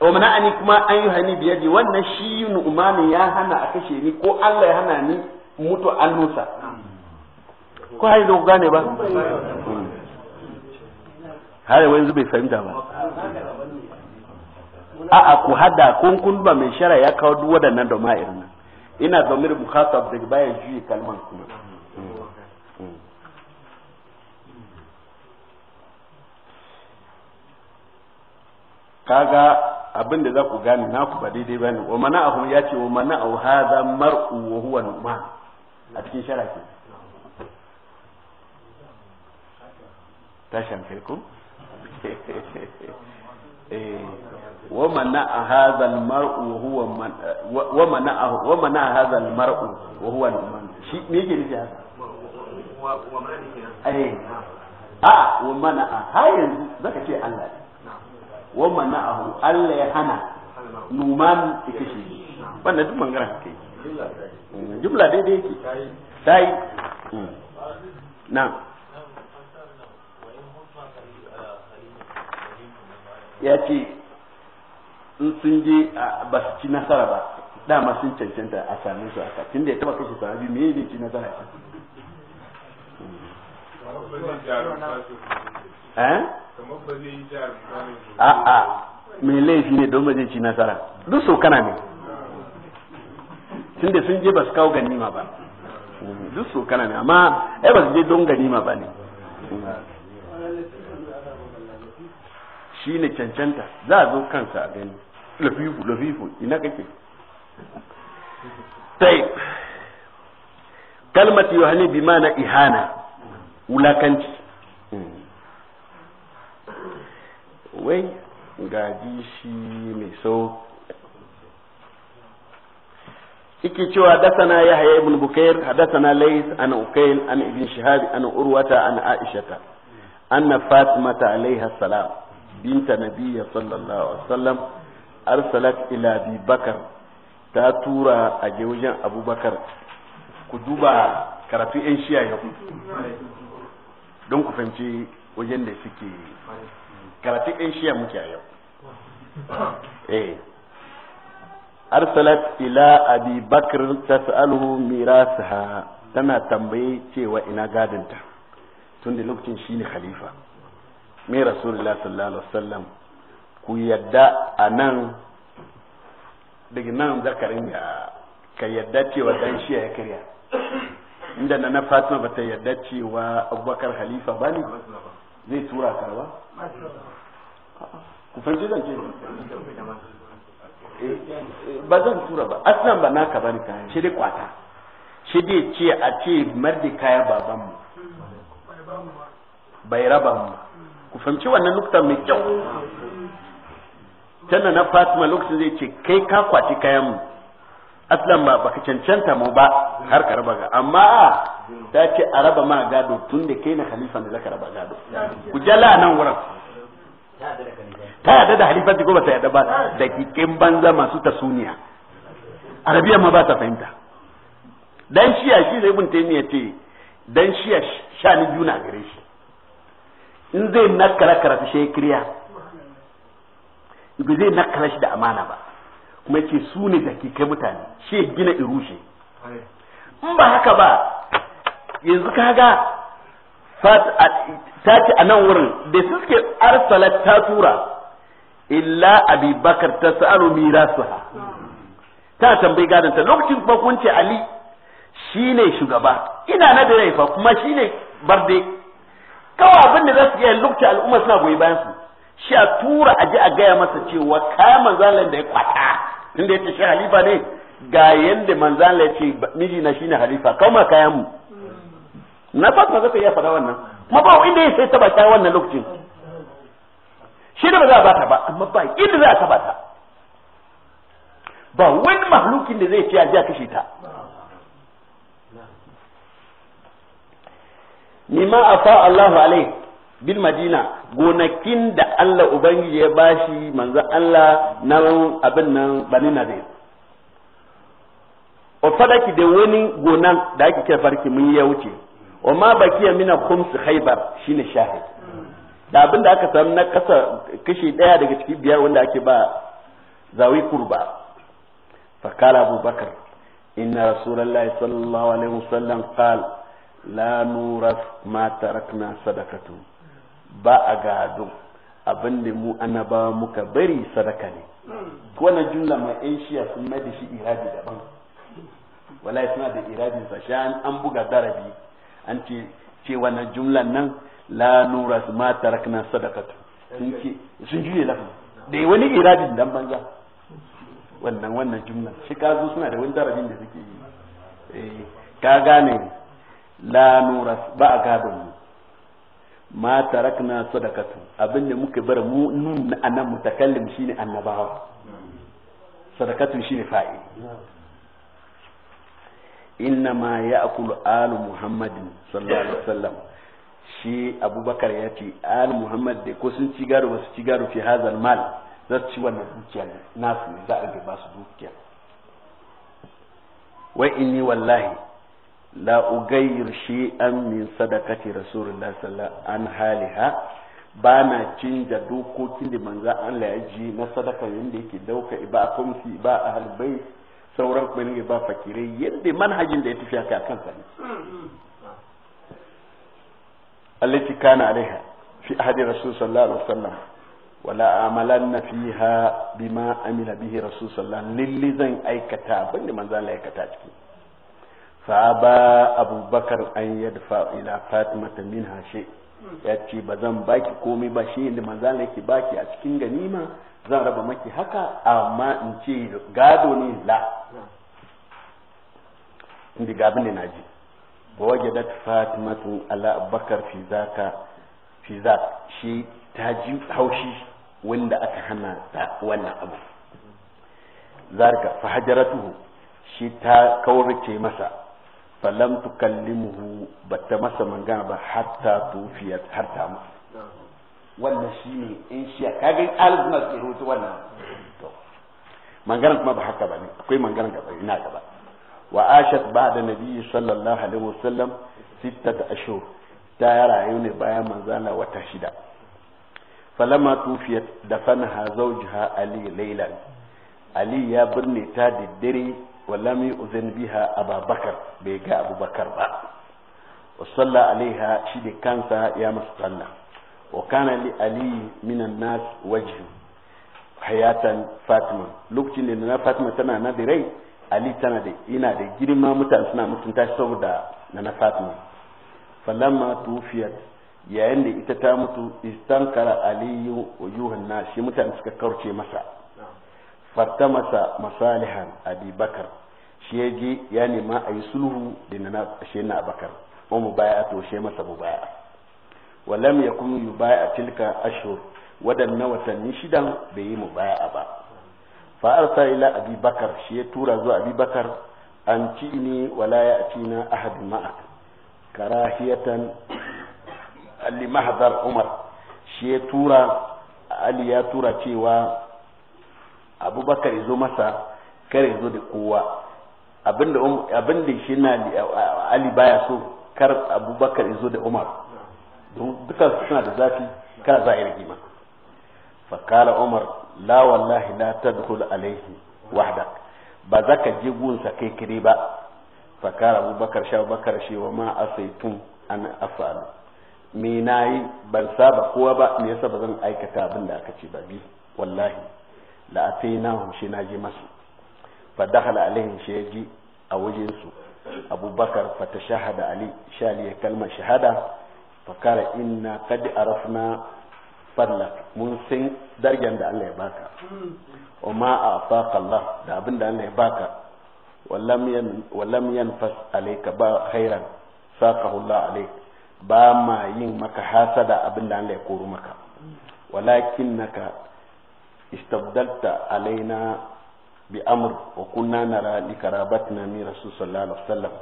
wa mana ani kuma an yuhani ji wannan shi nu'mani ya hana a kashe ni ko Allah ya hana ni mutu annusa ko hayi da ku gane ba har yanzu bai fahimta ba a'a ku hada kun kun ba mai shara ya kawo duk waɗannan da irin nan ina zamir mukhatab da bayan juyi kalman kuma kaga abin da za ku gane na ku ba daidai bane wa mana'ahu ya ce wa mana'ahu hadha mar'u wa huwa numa a cikin shara ke kai ku *laughs* Eh, wa mana a hazal mar'u wa huwa wa mana a wa mana a hazal mar'u wa huwa numan shi me nufi haka wa mana eh, a wa mana a har yanzu zaka ce Allah wa mana a Allah ya hana numan ya jumla ya ce in sun je ba su ci nasara ba dama sun cancanta a same su aka tun da ya taba kashe sahabi me ne ci nasara eh? a'a mai laifi ne don ba zai ci nasara duk so kana ne tun da sun je ba su kawo ganima ba duk so kana ne amma ai ba su je don ganima ba ne shi ne cancanta za a zo kansa a gani lafifu lafifu ina kake sai kalmati yohani bi mana ihana wulakanci wai gaji shi mai sau Iki cewa hadasana ya haya ibn bukair hadasana lais an ukail an ibn shihab an urwata an aishata anna fatimata alaiha salam بنت نبي صلى الله عليه وسلم أرسلت إلى أبي بكر تاتورا أجوجا أبو بكر كدوبا كرافي إنشيا يوم don ku wajen da suke karatun ɗan shiya muke a yau eh arsalat ila abi bakr tas'aluhu mirasaha tana tambaye cewa ina gadinta tun da lokacin shine khalifa mai rasulullah sallallahu alaihi wasallam ku yadda a nan daga nan zakarin ya ka yadda cewa dan shi ya karya inda na na fatima bata yadda cewa abubakar halifa ba ne zai tura ka ba ku fahimci zan ce eh, ba zan tura ba aslan ba naka ba ne ka shi dai kwata shi dai ce a ce mar da kaya babanmu bai raba mu ku fahimci wannan nukta mai kyau tana na fatima lokacin zai ce kai ka kwaci kayan mu aslan ba baka cancanta mu ba har ka raba ga amma ta ce a raba ma gado tun da kai na halifan da zaka raba gado ku jala nan wurin ta yada da halifan ko ba ta yadda ba da kikin banza masu tasuniya arabiya ma ba ta fahimta dan shiya shi zai bin taimiyya ce dan shiya ni juna gare shi in zai nakala karatu shi kiriya ba zai nakala shi da amana ba kuma ce su ne kai mutane shi gina irushe in ba haka ba yanzu kaga ta ce a nan wurin da suke arsalat ta tura illa abi bakar ta su ha ta tambayi ta, lokacin kuma kun ce ali shine shugaba ina na da fa kuma shine barde kawai abin da za su yi lokaci al'umma suna goyi bayan su shi a tura a ji a gaya masa cewa kayan manzalan da ya kwata tunda ya ce shi halifa ne ga yanda manzala ya ce miji na shine halifa kawai kayan mu na fatima zaka iya faɗa wannan kuma ba inda ya sai taba ta wannan lokacin shi da ba za a bata ba amma ba inda za a taba ta ba wani mahlukin da zai ce a ji a kashe ta nima afa Allahu alai bil madina gonakin da Allah ubangiji ya bashi manzo Allah na abin nan bani dai o fadaki da wani gonan da ake kira farki mun ya wuce o ma baki ya mina khums khaybar shine shahid da abin da aka samu na kasa kashi daya daga ciki biyar wanda ake ba zawi kurba kala abubakar inna rasulullahi sallallahu alaihi wasallam qala la nura ma tarakna sadakatu ba a gado abin da mu annabawa muka bari sadaka ne wannan jumla mai ɗan shiya sun mai da shi iradi daban wallahi suna da iradin sa shi an buga darabi an ce ce wannan jumlan nan la nura ma tarakna sadakatu sun ce sun juye da da wani iradin dan banza wannan wannan jumla shi ka zo suna da wani darabin da suke yi eh, ka gane la nuras ba a gadon mu ma tarakna sadakatu abin da muka bar mu nun anan mutakallim shine annabawa sadakatu shine fa'i inna ma ya'kulu alu muhammadin sallallahu alaihi wasallam shi abubakar ya ce al muhammad da ko sun ci gado wasu ci gado fi hazal mal za su ci wannan dukiya nasu ne za a ga ba su dukiya wai inni wallahi la ugayir shay'an min sadaqati rasulullah sallallahu an haliha ba na canja dokokin da manzo Allah ya ji na sadaka yanda yake dauka ba kumsi ba ahlul bait sauran kuma ne ba fakirai yadda manhajin da ya tafi haka kan sa allati kana alaiha fi ahadi rasul sallallahu alaihi wasallam wala amalanna fiha bima amila bihi rasul sallallahu alaihi wasallam lilli zan aikata abin da manzo Allah ya aikata ciki faba abubakar an yadfa ila fatima ta min hashe ya ce ba zan baki komai ba shi inda manzan yake baki a cikin ganima zan raba maki haka amma in ce gado ne la inda gabin na naji ba waje da fatima tun ala abubakar fi zaka fi shi ta ji haushi wanda aka hana ta wannan abu zarka fa hajaratuhu shi ta kaurace masa falam tukallimuhu bata masa magana ba hatta tufiyat har ta mutu wannan shine in shi kaga alzuna ke rutu wannan to magana kuma ba haka bane akwai magana gaba ina gaba wa ashat ba'da nabiyyi sallallahu alaihi wasallam sittata ta rayu ne bayan manzana wata shida falama tufiyat dafanaha zawjaha ali laylan ali ya birne ta diddire ولم يؤذن بها أبا بكر بيجا أبو بكر بقى وصلى عليها شد كانسا يا مصلى وكان لعلي من الناس وجه حياة فاطمة لوكتين لنا فاطمة تنا نادري علي تنا دي إنا دي جرما متأسنا متنتاش سودا لنا فاطمة فلما توفيت yayin da ita ta mutu istankara aliyu wujuhan nas shi mutane suka kauce masa fartamasa masalihan abi bakar shi ya je ya nema a yi sulhu da na shi na bakar wa mu baya to she masa mu baya walam ya kun yi baya a tilka ashur waɗannan watanni shidan bai yi mu baya ba fa'arsa ila abi bakar shi ya tura zuwa abi bakar an ci ni wala ya ci na ahad ma'a karahiyatan ali mahdar umar shi ya tura ali ya tura cewa abubakar ya zo masa kar ya zo da kowa abinda um, abinda shi na ali baya so kar abubakar ya zo da umar duka suna da zafi kar za a yi rigima fakala umar la wallahi la tadkhul alaihi wahda ba za ka je gunsa kai kire ba fakara abubakar sha abubakar shi wa ma asaitun an afalu me na yi ban saba kowa ba me yasa ba zan aikata abin da aka ce ba bi wallahi la atainahum shi naji masu fa dakhala alaihim shi yaji a wajen su abubakar fa tashahada ali shali ya kalma shahada fa kara inna qad arafna fadla mun san dargan da Allah ya baka wa ma afaka Allah da abin da Allah ya baka wallam yanfas alayka ba khairan saqahu Allah alayk ba ma yin maka hasada abin da Allah ya koro maka walakinnaka istabdalta alaina bi amr wa kunna nara li karabatina min rasul sallallahu alaihi wasallam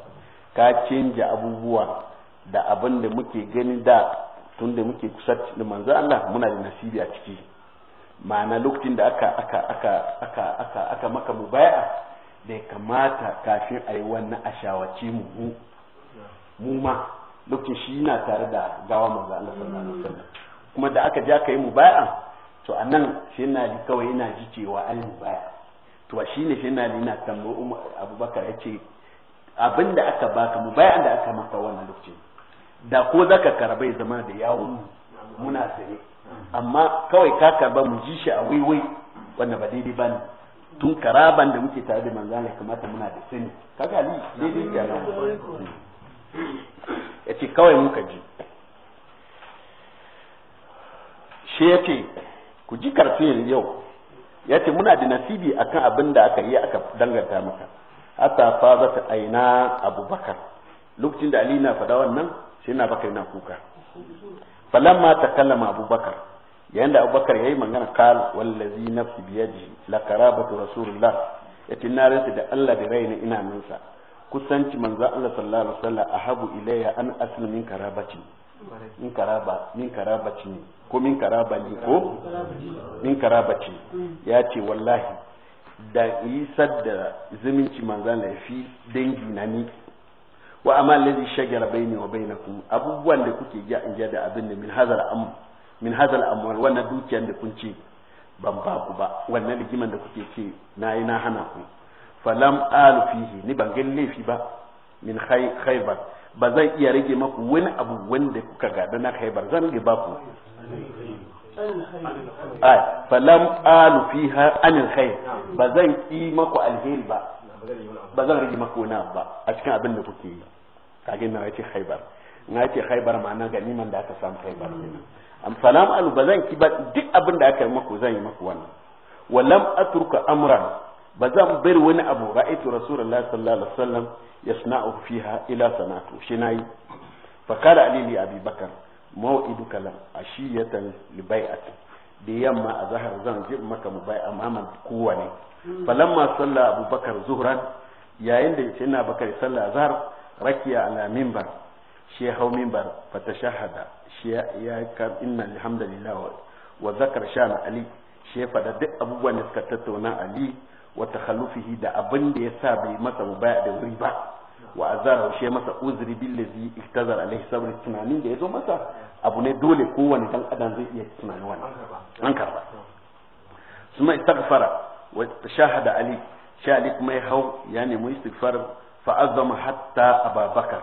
ka canja abubuwa da abin da muke gani da tun da muke kusa da manzo Allah muna da nasibi a ciki ma'ana lokacin da aka aka maka mubaya da ya kamata kafin a yi wannan a mu ma lokacin shi yana tare da gawa manzo Allah sallallahu alaihi wasallam kuma da aka je aka yi mubaya to a nan shi ji kawai yana ji cewa alin baya to shi ne shi na ji na tambo umar abubakar ya ce abin da aka baka mu bayan da aka maka wannan lokaci da ko za ka karbai zama da yawon muna sare amma kawai ka karba mu ji shi a waiwai wanda ba daidai ba ne tun karaban da muke tare da manzana kamata muna da sani kaga daidai nan ya ce kawai muka ji shi ya ce ku ji karfin yau ya ce muna da nasibi akan abin da aka yi aka danganta maka hatta fa za ta aina abubakar lokacin da ali na fada wannan shi na bakar na kuka ma ta kallama abubakar yayin da abubakar ya yi magana kal wallazi nafsi biyaji la karabatu rasulullah ce na rinsa da Allah da raina ina nunsa kusanci manzo Allah sallallahu alaihi wasallam ahabu ilayya an aslimin karabati min karaba min karabaci ne ko min karaba ne ko min karabaci ya ce wallahi da yi sadda zumunci manzan ya fi dangi na ni wa amma lazi shagara bai wa bainakum abubuwan da kuke ja in da abin da min hazal am min hazal amwal wannan dukiyar da kun ce ban ba ku ba wannan rigiman da kuke ce na yi na hana ku falam alu fihi ni ban ga laifi ba min khaybar ba zan iya rage maku wani abu wanda kuka gada na bar zan rage baku ai falam alu fiha anil khair ba zan yi maku alheri ba ba zan rage maku wani abu ba a cikin abin da kuke yi kage na yace khaybar na yace haibar ma'ana ganiman da aka samu khaybar kenan am falam alu ba zan ki ba duk abin da aka yi maku zan yi maku wannan walam atruka amran ba zan bar wani abu ra'aytu rasulullahi sallallahu alaihi wasallam yasna'u fiha ila sanatu shi nayi fa kada ali li abi bakar maw'iduka la ashiyatan li bai'ati da yamma a zahar zan je maka mu bai amma kowane falamma salla abubakar zuhran yayin da yace na bakar salla zahar rakiya ala minbar shi hau minbar fa tashahada shi ya kar inna alhamdulillah wa zakar shana ali shi ya faɗa duk abubuwan da suka tattauna ali wa takhallufihi da abin da ya sa bai masa mubaya da wuri ba wa azara shi masa uzri billazi iktazar alaihi sabr tunanin da yazo masa abu ne dole kowane dan adam zai iya tunanin wannan an karba suma istaghfara wa tashahada ali sha ali kuma ya hau ya nemi istighfar fa azama hatta ababakar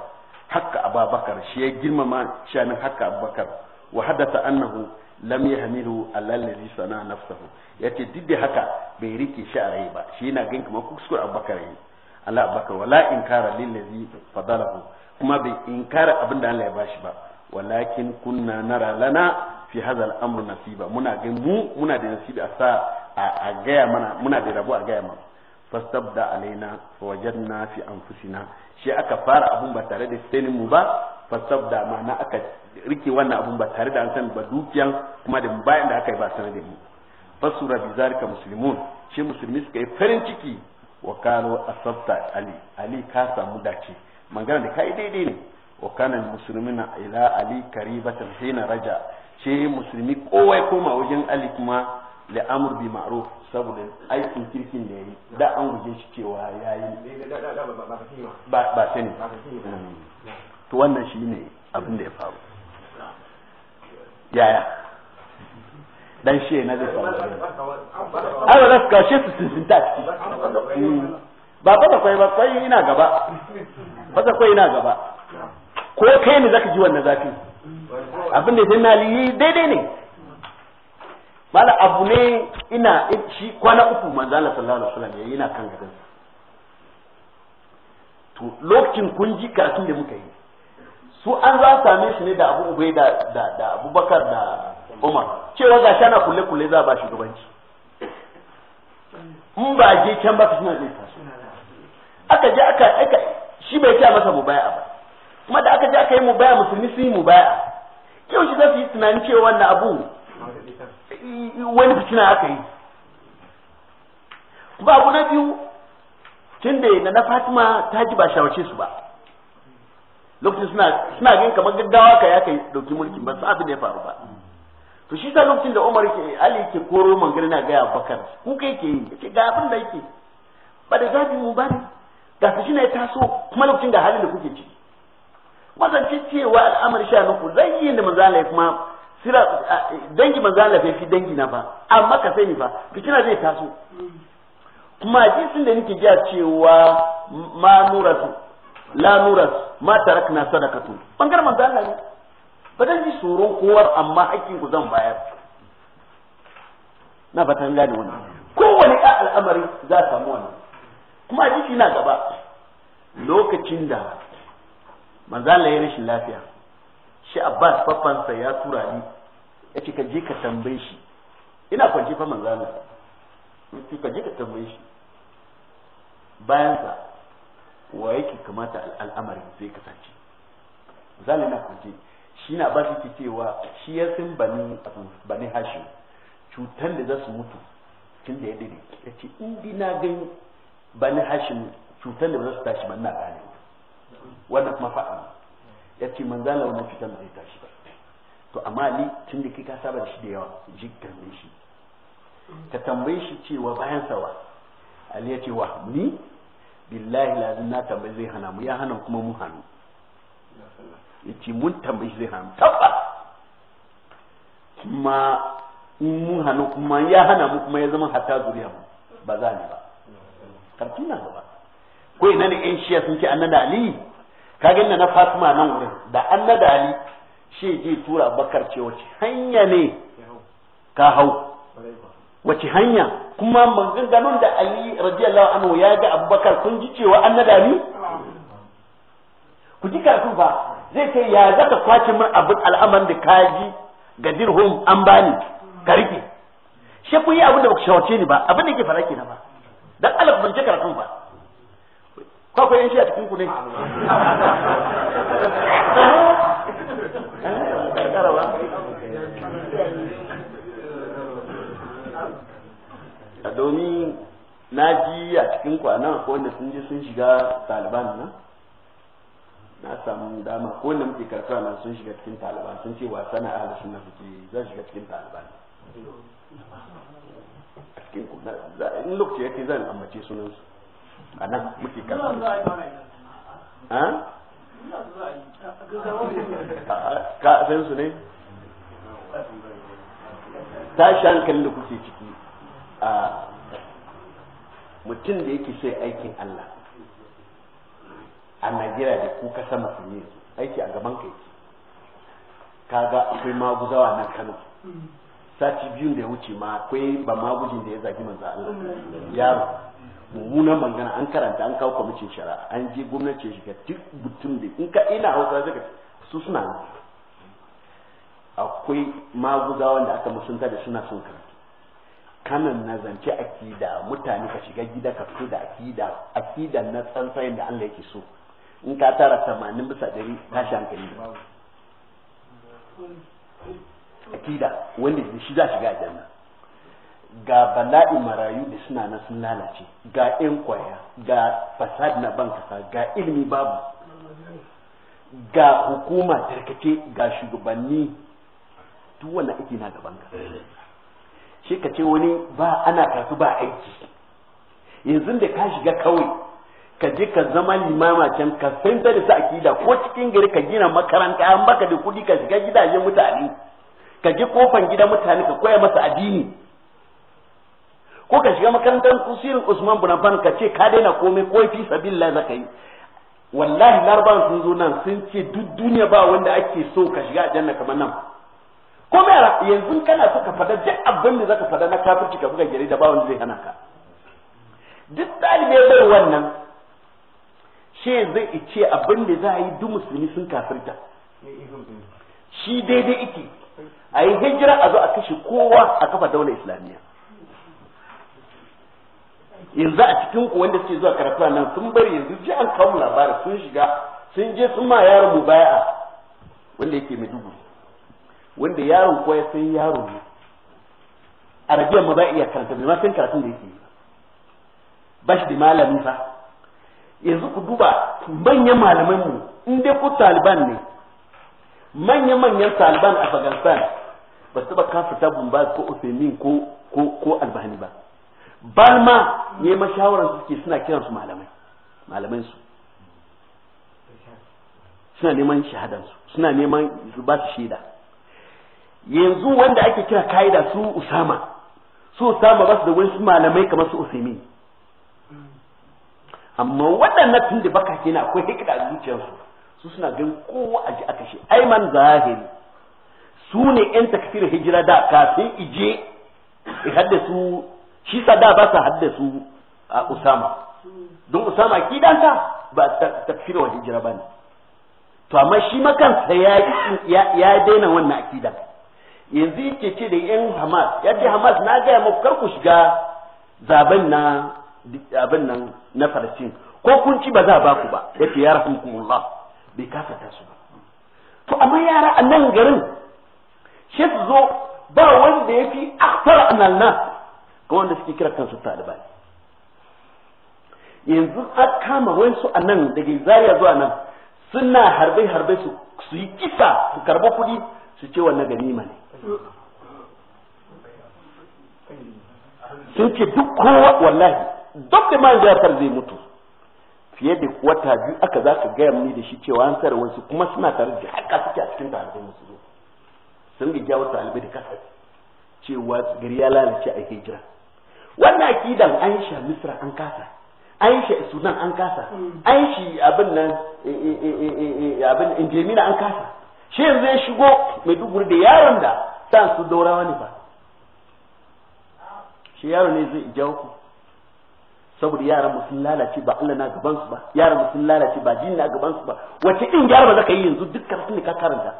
haka ababakar shi ya girmama shanin hakka abubakar wa hadatha annahu lam yahmilu alladhi sana nafsahu yace duk da haka bai rike shi a rai ba shi yana ganin kamar kuskur abubakar yi Allah abubakar wala inkara lillazi fadalahu kuma bai inkara abin da Allah ya bashi ba walakin kunna nara lana fi hadha al-amr nasiba muna ga mu muna da nasibi a sa a gaya mana muna da rabo a gaya mana fastabda alaina wajadna fi anfusina shi aka fara abun ba tare da sanin mu ba fasabda ma'ana aka rike wannan abun ba tare da an san ba dukiyan kuma da bayan da aka yi ba sanar da ni fasura bi zalika muslimun shi musulmi suka yi farin ciki wa kano asabta ali ali ka samu dace magana da kai daidai ne wa kana muslimina ila ali karibatan hina raja ce musulmi kowa koma wajen ali kuma la amr bi ma'ruf saboda aikin kirkin da yayi da an guje shi cewa yayi yi ba sani to wannan shi ne abin da ya faru yaya dan shi na zai faru ai ba su kashe su sinsinta ciki hmm. ba fasa kwai ba kwai ina gaba fasa kwai ina gaba ko kai ne zaka ji wannan zafi abin da na yi daidai ne mala abu ne ina shi kwana uku manzo Allah sallallahu alaihi wasallam yayi ina kan gadan to lokacin kun ji karatun da muka yi su an za same shi ne da abu ubai da da abubakar da umar cewa ga shana kulle kulle za ba shugabanci in ba je can ba fitina zai taso aka je aka aka shi bai kya masa mubaya ba kuma da aka je aka yi mubaya musulmi sun yi mubaya yau shi za su yi tunanin cewa wannan abu wani fitina aka yi ba abu na biyu tun da na fatima ta ji ba shawarce su ba lokacin suna suna gin kamar gaggawa ka ya kai dauki mulkin ba su abin da ya faru ba to shi sa lokacin da Umar ke Ali ke koro mangare na ga Abubakar ku kai ke yi ke ga abin da yake ba da zabi mu bari ga su ne ya taso kuma lokacin da halin da kuke ciki mazance cewa al'amar sha nuku zai yi da manzala ya kuma sira dangi manzala ya fi dangi na ba amma ka ni fa fitina zai taso kuma hadisin da nake jiya cewa ma su la nuras ma tarakna sadaqatu bangar manzo Allah ne ba ji tsoron kowar amma hakkin ku zan bayar na fatan gane wannan kowane ka al'amari za a samu wannan kuma jiki na gaba lokacin da manzo Allah ya rashin lafiya shi Abbas fafansa ya tura ni yace ka je ka tambaye shi ina kwance fa manzo Allah yace ka je ka tambaye shi bayan sa wa yake kamata al'amarin zai kasance misali na kuje shi na ba shi cewa shi ya san bani bani hashi cutan da za su mutu tun da ya dade ya ce in bi na gani bani hashi cutan da ba za su tashi ban na gane wannan kuma fa'a ya ce manzala wannan cutan da zai tashi ba to amma ni tun da kika saba da shi da yawa ji karbe shi ka tambaye shi cewa bayan sawa ali ya ce wa ni billahi lazim na tambayi zai hana mu ya hana kuma mu hannu yace mun tambayi zai hana mu tabbas kuma mun hannu kuma ya hana mu kuma ya zama hatta zuriya mu ba za ni ba karfin na gaba ko ina ne in shiya sun ce annada ali ka ganna na fatima nan wurin da annada ali shi je tura bakar ce wace hanya ne ka hau wace hanya kuma maganganun da Ali radiyallahu anhu ya ga Abubakar kun ji cewa an nada ni ku ji karatu fa zai ce ya zaka kwace min abin al'aman da kaji ga dirhum an bani ka rike shi kun yi abin da shawarce ni ba abin da yake fara kenan ba dan Allah ban ji karatu ba ko ko yan shi a cikin ku ne *laughs* A domin na ji a cikin kwana ko wanda sun je sun shiga taliban na na samu dama ko wanda muke karkara na sun shiga cikin taliban sun ce wasa na ahalar suna suke za shiga cikin taliban a cikin ku in lokaci yake zan ambace sunan su a nan muke karkara ha ka san su ne shi hankali da kuke ciki a mutum da yake sai aikin Allah a Najeriya da ku kasa musulmi aiki a gaban kai kaga akwai maguzawa nan Kano sati biyu da ya wuce ma akwai ba magujin da ya zagi manzo Allah yaro mummunan mangana an karanta an kawo kwamitin shari'a an je gwamnati shiga duk mutum da in ka ina hausa zaka su suna akwai maguzawa da aka musunta da suna son karatu kanan na zance akida mutane ka shiga gida ka fito da akida akida na tsantsayin da Allah yake so in ka tara 80 bisa 100 tashi hankali akida wanda shi za shiga aljanna ga bala'i marayu da suna na sun lalace ga yan kwaya ga fasad na ban kasa ga ilimi babu ga hukuma tarkace ga shugabanni duk wannan ake na gaban ka shi ka ce wani ba ana kasu ba aiki yanzu da ka shiga kawai ka je ka zama limama can ka san da su akida ko cikin gari ka gina makaranta an baka da kuɗi ka shiga gidajen mutane ka je kofan gidan mutane ka koya masa addini ko ka shiga makarantar kusurin Usman bin Affan ka ce ka daina komai ko fi sabilillah zaka yi wallahi larban sun zo nan sun ce duk duniya ba wanda ake so ka shiga aljanna kamar nan ko mai yanzu kana so fada duk abin da zaka fada na kafirci ka buga gari da ba wanda zai hana ka duk ɗalibai bai wannan shi zai ice abin da za a yi duk musulmi sun kafirta shi daidai ike a yi hijira a zo a kashe kowa a kafa daula islamiyya yanzu a cikin ku wanda suke zuwa karatu nan sun bari yanzu ji an kawo labarin sun shiga sun je sun ma yaron mu baya wanda yake mai dubu wanda yaron ko ya san yaro ne arabiya ma ba iya karanta bai ma san karatun da yake yi ba shi da malami fa yanzu ku duba manyan malaman mu in dai ku taliban ne manyan manyan taliban a afghanistan ba su taba kafa ta bumba ko usaimin ko ko ko albani ba balma ne mashawaran suke suna kiransu malamai malamai su suna neman shahadansu suna neman su ba su shaida yanzu wanda ake kira kaida su usama su usama ba da wasu malamai kamar su usaimi amma waɗannan tun da baka kina akwai hikida a zuciyarsu su suna gan kowa a ji aka shi aiman zahiri su ne yan takfir hijira da kafin ije haddasu shi sa da ba su haddasu a usama don usama kidanta ba takfir wa hijira ba ne to amma shi makansa ya daina wannan akida yanzu yake ce da yan hamas ya ce hamas na gaya muku kar ku shiga zaben na abin nan na falastin ko kun ci ba za ba ku ba ya ce ya bai kasa ta su ba to amma yara a nan garin shi su zo ba wanda ya fi akhtar analna ga wanda suke kira kansu taliban yanzu a kama wansu a nan daga zariya zuwa nan suna harbe-harbe su yi kisa su karba kuɗi su ce wannan ganima ne sun ce duk kowa wallahi duk da man jafar zai mutu fiye da wata biyu aka za ka gaya mini da shi cewa an tsara wasu kuma suna tare da haka suke a cikin talibai musu zo sun ga wata talibai da kasa cewa gari ya lalace a hijira wannan akidan an sha misra an kasa an sha sunan an kasa an shi abin nan eh, eh, eh, abin injemina an kasa shi yanzu ya shigo mai duguri da yaron da san su dorawa ne ba shi yaro ne zai jawo ku saboda yaran mu sun lalace ba Allah na gaban su ba yaran mu sun lalace ba din na gaban su ba wace din gyara ba zaka yi yanzu duk karatun da ka karanta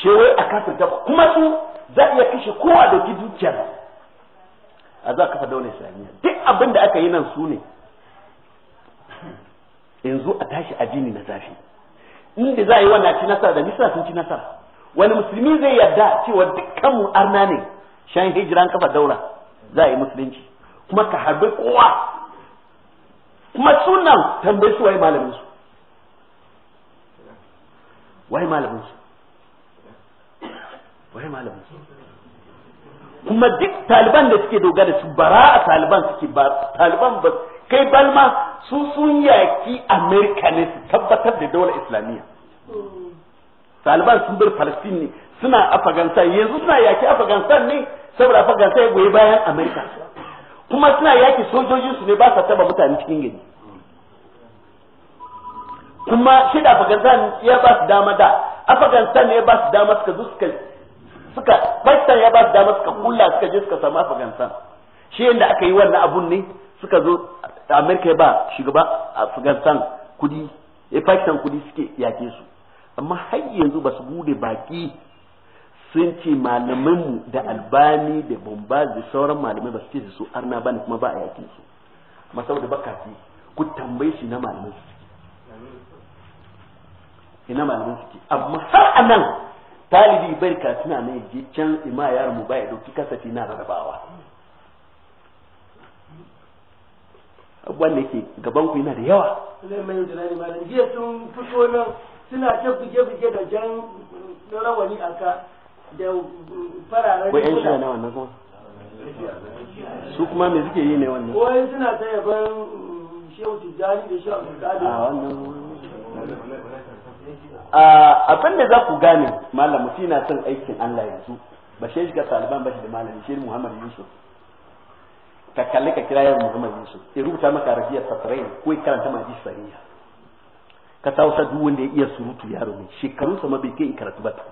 shi wai a kafirta kuma su za iya kashe kowa da ki dukiyar a za kafa wani islamiyya duk abin da aka yi nan su ne yanzu a tashi jini na zafi inda za a yi wannan ci nasara da misra sun ci nasara wani musulmi zai yarda cewa dukkan mu arna ne shan hijiran kafa daura za a yi musulunci kuma ka harbe kowa kuma sunan tambayi su waye malamin su waye malamin su waye malamin su kuma duk taliban da suke dogara su bara a taliban suke ba taliban ba kai balma su sun yaki amerika ne su tabbatar da daular islamiyya taliban sun bar palestine ne suna afghanistan yanzu suna yaki afghanistan ne saboda afghanistan ya goyi bayan america kuma suna yaki sojojin su ne ba sa taba mutane cikin gari kuma shi da afghanistan ya ba su dama da afghanistan ne ya ba su dama suka zo suka suka pakistan ya ba su dama suka kulla suka je suka samu afghanistan shi yadda aka yi wannan abun ne suka zo america ya ba shugaba afghanistan kudi ya pakistan kudi suke yake su amma har yanzu ba su bude baki sun ce malamanmu da albani da bombaz da sauran malamai ba su ce su arna bane kuma ba a yakin su amma saboda bakafi ku tambaye shi na malaman su ina malamin su amma har anan talibi bai ka suna ne je can ima yar mu ya dauki kasafi na rarrabawa abubuwan da yake gaban ku yana da yawa zai mai da na jiya sun fito nan suna ta buge-buge da jan rawani a ka da fararen wai yan na wannan kuma su kuma me suke yi ne wannan wai suna ta yaban shehu tijjani da shehu abdulkadir a wannan abin da za ku gane malam fi na son aikin Allah yanzu ba shi shiga taliban ba shi da malami shi Muhammad Yusuf ka kalli ka kira yawan Muhammad Yusuf ya rubuta maka arabiyar satrain ko ya karanta ma hadisi sahiha ka sausa duk wanda ya iya surutu yaro ne shekaru sama bai kai karatu ba ta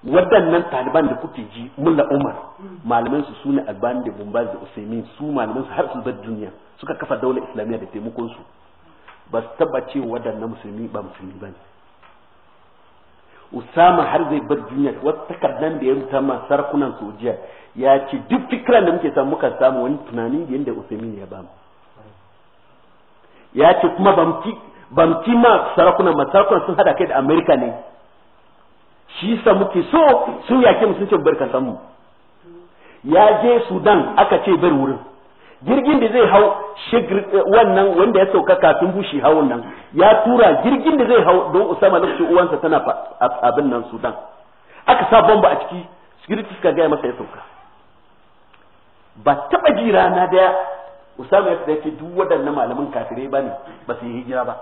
waɗannan taliban da kuke ji mulla umar malaman su sune albani da bumbaz da usaimin su malaman su har su bar duniya suka kafa daular islamiyya da taimakon su ba su taba waɗannan musulmi ba musulmi ba ne usama har zai bar duniya wasu takardan da ya rubuta ma sarakunan sojiya ya ce duk fikiran da muke samu muka samu wani tunani da yadda usaimin ya ba ya ce kuma ba mu fi ban ci ma sarakuna masarakunan sun hada kai da amerika ne shi yasa muke so sun yake mu sun ce bar kasan mu ya je sudan aka ce bar wurin jirgin da zai hau wannan wanda ya sauka kafin bushi hawan nan ya tura jirgin da zai hau don usama lokacin uwansa tana abin nan sudan aka sa bomba a ciki security suka gaya masa ya sauka ba taba ji rana daya usama ya ce duk waɗannan malaman kafirai ba ne ba su yi hijira ba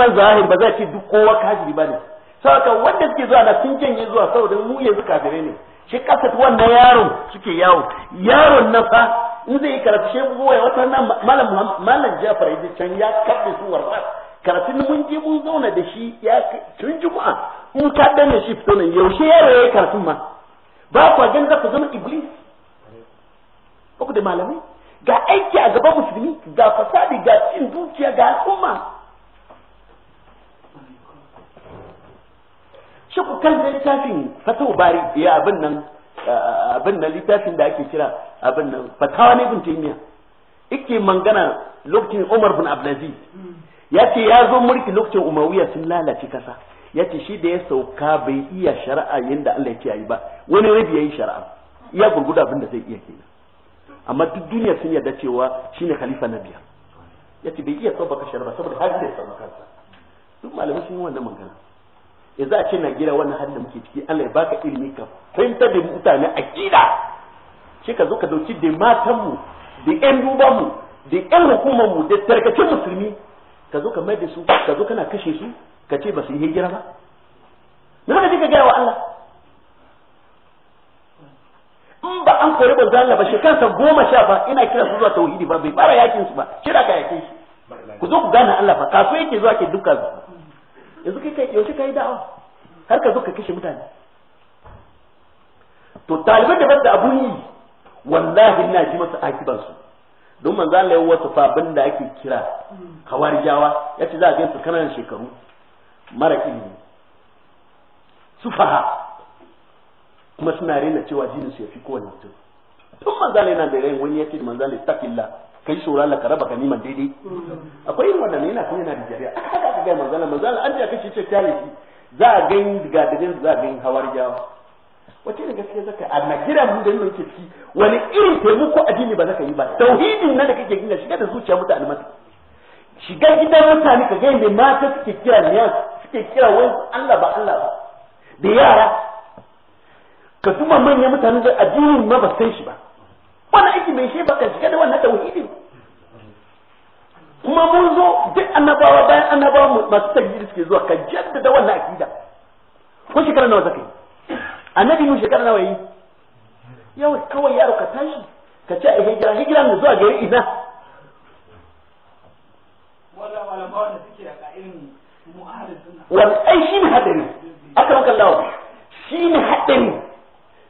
man zahir ba zai ce duk kowa kafiri bane saboda wanda suke zuwa da sun janye zuwa saboda mu yanzu kafire ne shi kasat wannan yaron suke yawo yaron na fa in zai karatu shi buwa waya wata nan malam malam Jafar yaji can ya kabbe su karatu karatun mun je mun zauna da shi ya tun juma'a in ka danne shi fito nan yaushe yaro yayi karatun ma ba ku ganin za ku zama iblis ba ku da malamai ga aiki a gaban musulmi ga fasadi ga cin dukiya ga al'umma shi ku kan littafin fatawa bari ya eh, abin nan eh, eh, abin nan littafin da ake kira abin nan fatawa ne bin taimiya ike mangana lokacin Umar bin Abdulaziz hmm. ya ce ya zo mulki lokacin Umayya sun lalace kasa ya ce shi da ya sauka bai iya shari'a yadda Allah ya ce yi ba wani rabi ya yi shari'a iya gurguda abin da zai iya kenan amma duk duniya sun yarda cewa shine khalifa na biyar ya ce bai iya sauka shari'a saboda har sai sauka kansa duk malamai sun yi wannan magana ya za a ce Najeriya wannan halin da muke ciki Allah ya baka ilimi ka fahimta da mutane kida shi ka zo ka dauki da matanmu da yan dubanmu da yan hukumarmu da tarkacin musulmi ka zo ka mai da su ka zo kana kashe su ka ce ba su yi hijira ba na da ka gaya wa Allah in ba an kore ba zalla ba shekarsa goma sha ba ina kira su zuwa tauhidi ba bai fara yakin su ba kira ka yake shi ku zo ku gane Allah fa, kafin yake zuwa ke duka su yanzu kai yaushe kai da'awa har ka zo ka kashe mutane to taliban da bada abun yi wallahi ina ji masa akiban su don manzo Allah ya wasu fabin da ake kira kawarjawa yace za a gansu kanan shekaru mara ilimi sufaha kuma suna rena cewa jinin su yafi kowanne mutum tun manzo Allah yana da rai wani yace manzo Allah takilla kai shora la karaba ka niman daidai akwai irin wannan yana kuma yana da jariya haka aka ga manzala manzala an ji aka ce ce tarihi za a ga yin digadidin za a ga yin hawar jawa wace ne gaskiya zaka a nagira mun mu da yake ciki wani irin taimako addini ba zaka yi ba tauhidin nan da kake gina shiga da zuciya mutane mata shiga gidan mutane ka ga yadda mata suke kira niyan suke kira wani Allah ba Allah ba da yara ka tuma manyan mutane da addinin ma ba san shi ba wannan aiki mai shi baka shiga da wannan tauhidin kuma mun zo duk annabawa bayan annabawa masu tauhidi suke zuwa ka jaddada wannan akida ko shekara nawa zaka yi annabi mu shekara nawa yi yau kawai yaro ka tashi ka ce a hijira hijira mu zuwa gari ina wani ai shi ne hadari aka maka lawa shi ne hadari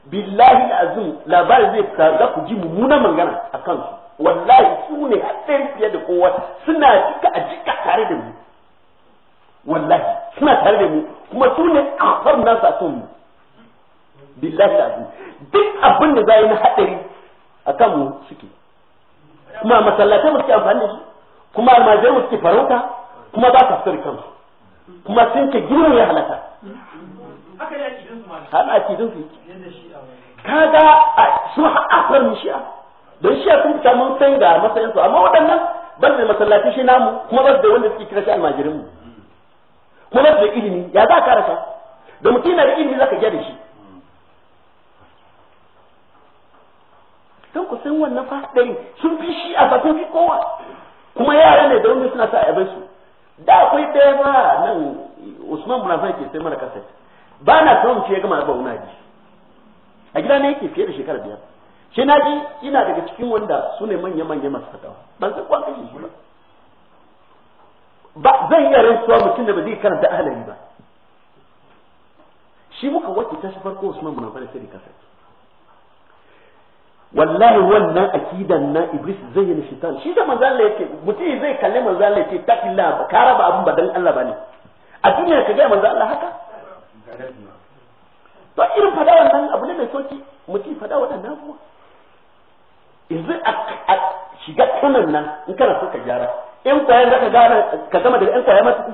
billahi azim labarin zai fita za ku ji mummuna magana a su wallahi su ne a haɗin fiye da kowa suna jika a jika tare da mu wallahi suna tare da mu kuma su ne a farin nasu a mu billahi azim duk abin da za yi na haɗari a kan mu suke kuma masallatai suke amfani da shi kuma almajirai suke farauta kuma ba ka fitar kansu kuma sun ke girma ya halaka har a cikin su yake kaga sun asar mu shi'a don shi'a sun fita mun san ga matsayin su amma waɗannan ba su da masallaci shi namu kuma ba su da wanda suke kira shi almajirin mu kuma ba su da ilimi ya za ka rasa da mutum yana da ilimi za ka gyara shi don ku san wannan fasirin sun fi shi a sakon fi kowa kuma yara ne da wani suna sa a su da akwai ɗaya ba nan usman munafai ke sai mana kasance ba na son ce ya gama ba ji. a gida ne yake fiye da shekara biyar shi na ji ina daga cikin wanda su ne manya-manya masu fatawa ban san kwan shi ba ba zan iya rantsuwa mutum da ba zai karanta ahalari ba shi muka wacce ta shi farko usman bin affan sai da kasa wallahi wannan akidan na iblis zai yi shitan shi da manzo Allah yake mutum zai kalle manzo Allah yake takilla ba kara ba abin ba dan Allah bane a duniya ka ga manzo Allah haka ba irin fada wannan abu ne mai sauki mutum fada waɗannan abubuwa yanzu a shiga kanan nan in kana so ka gyara in kwayan ka gane ka zama da in kwaya masu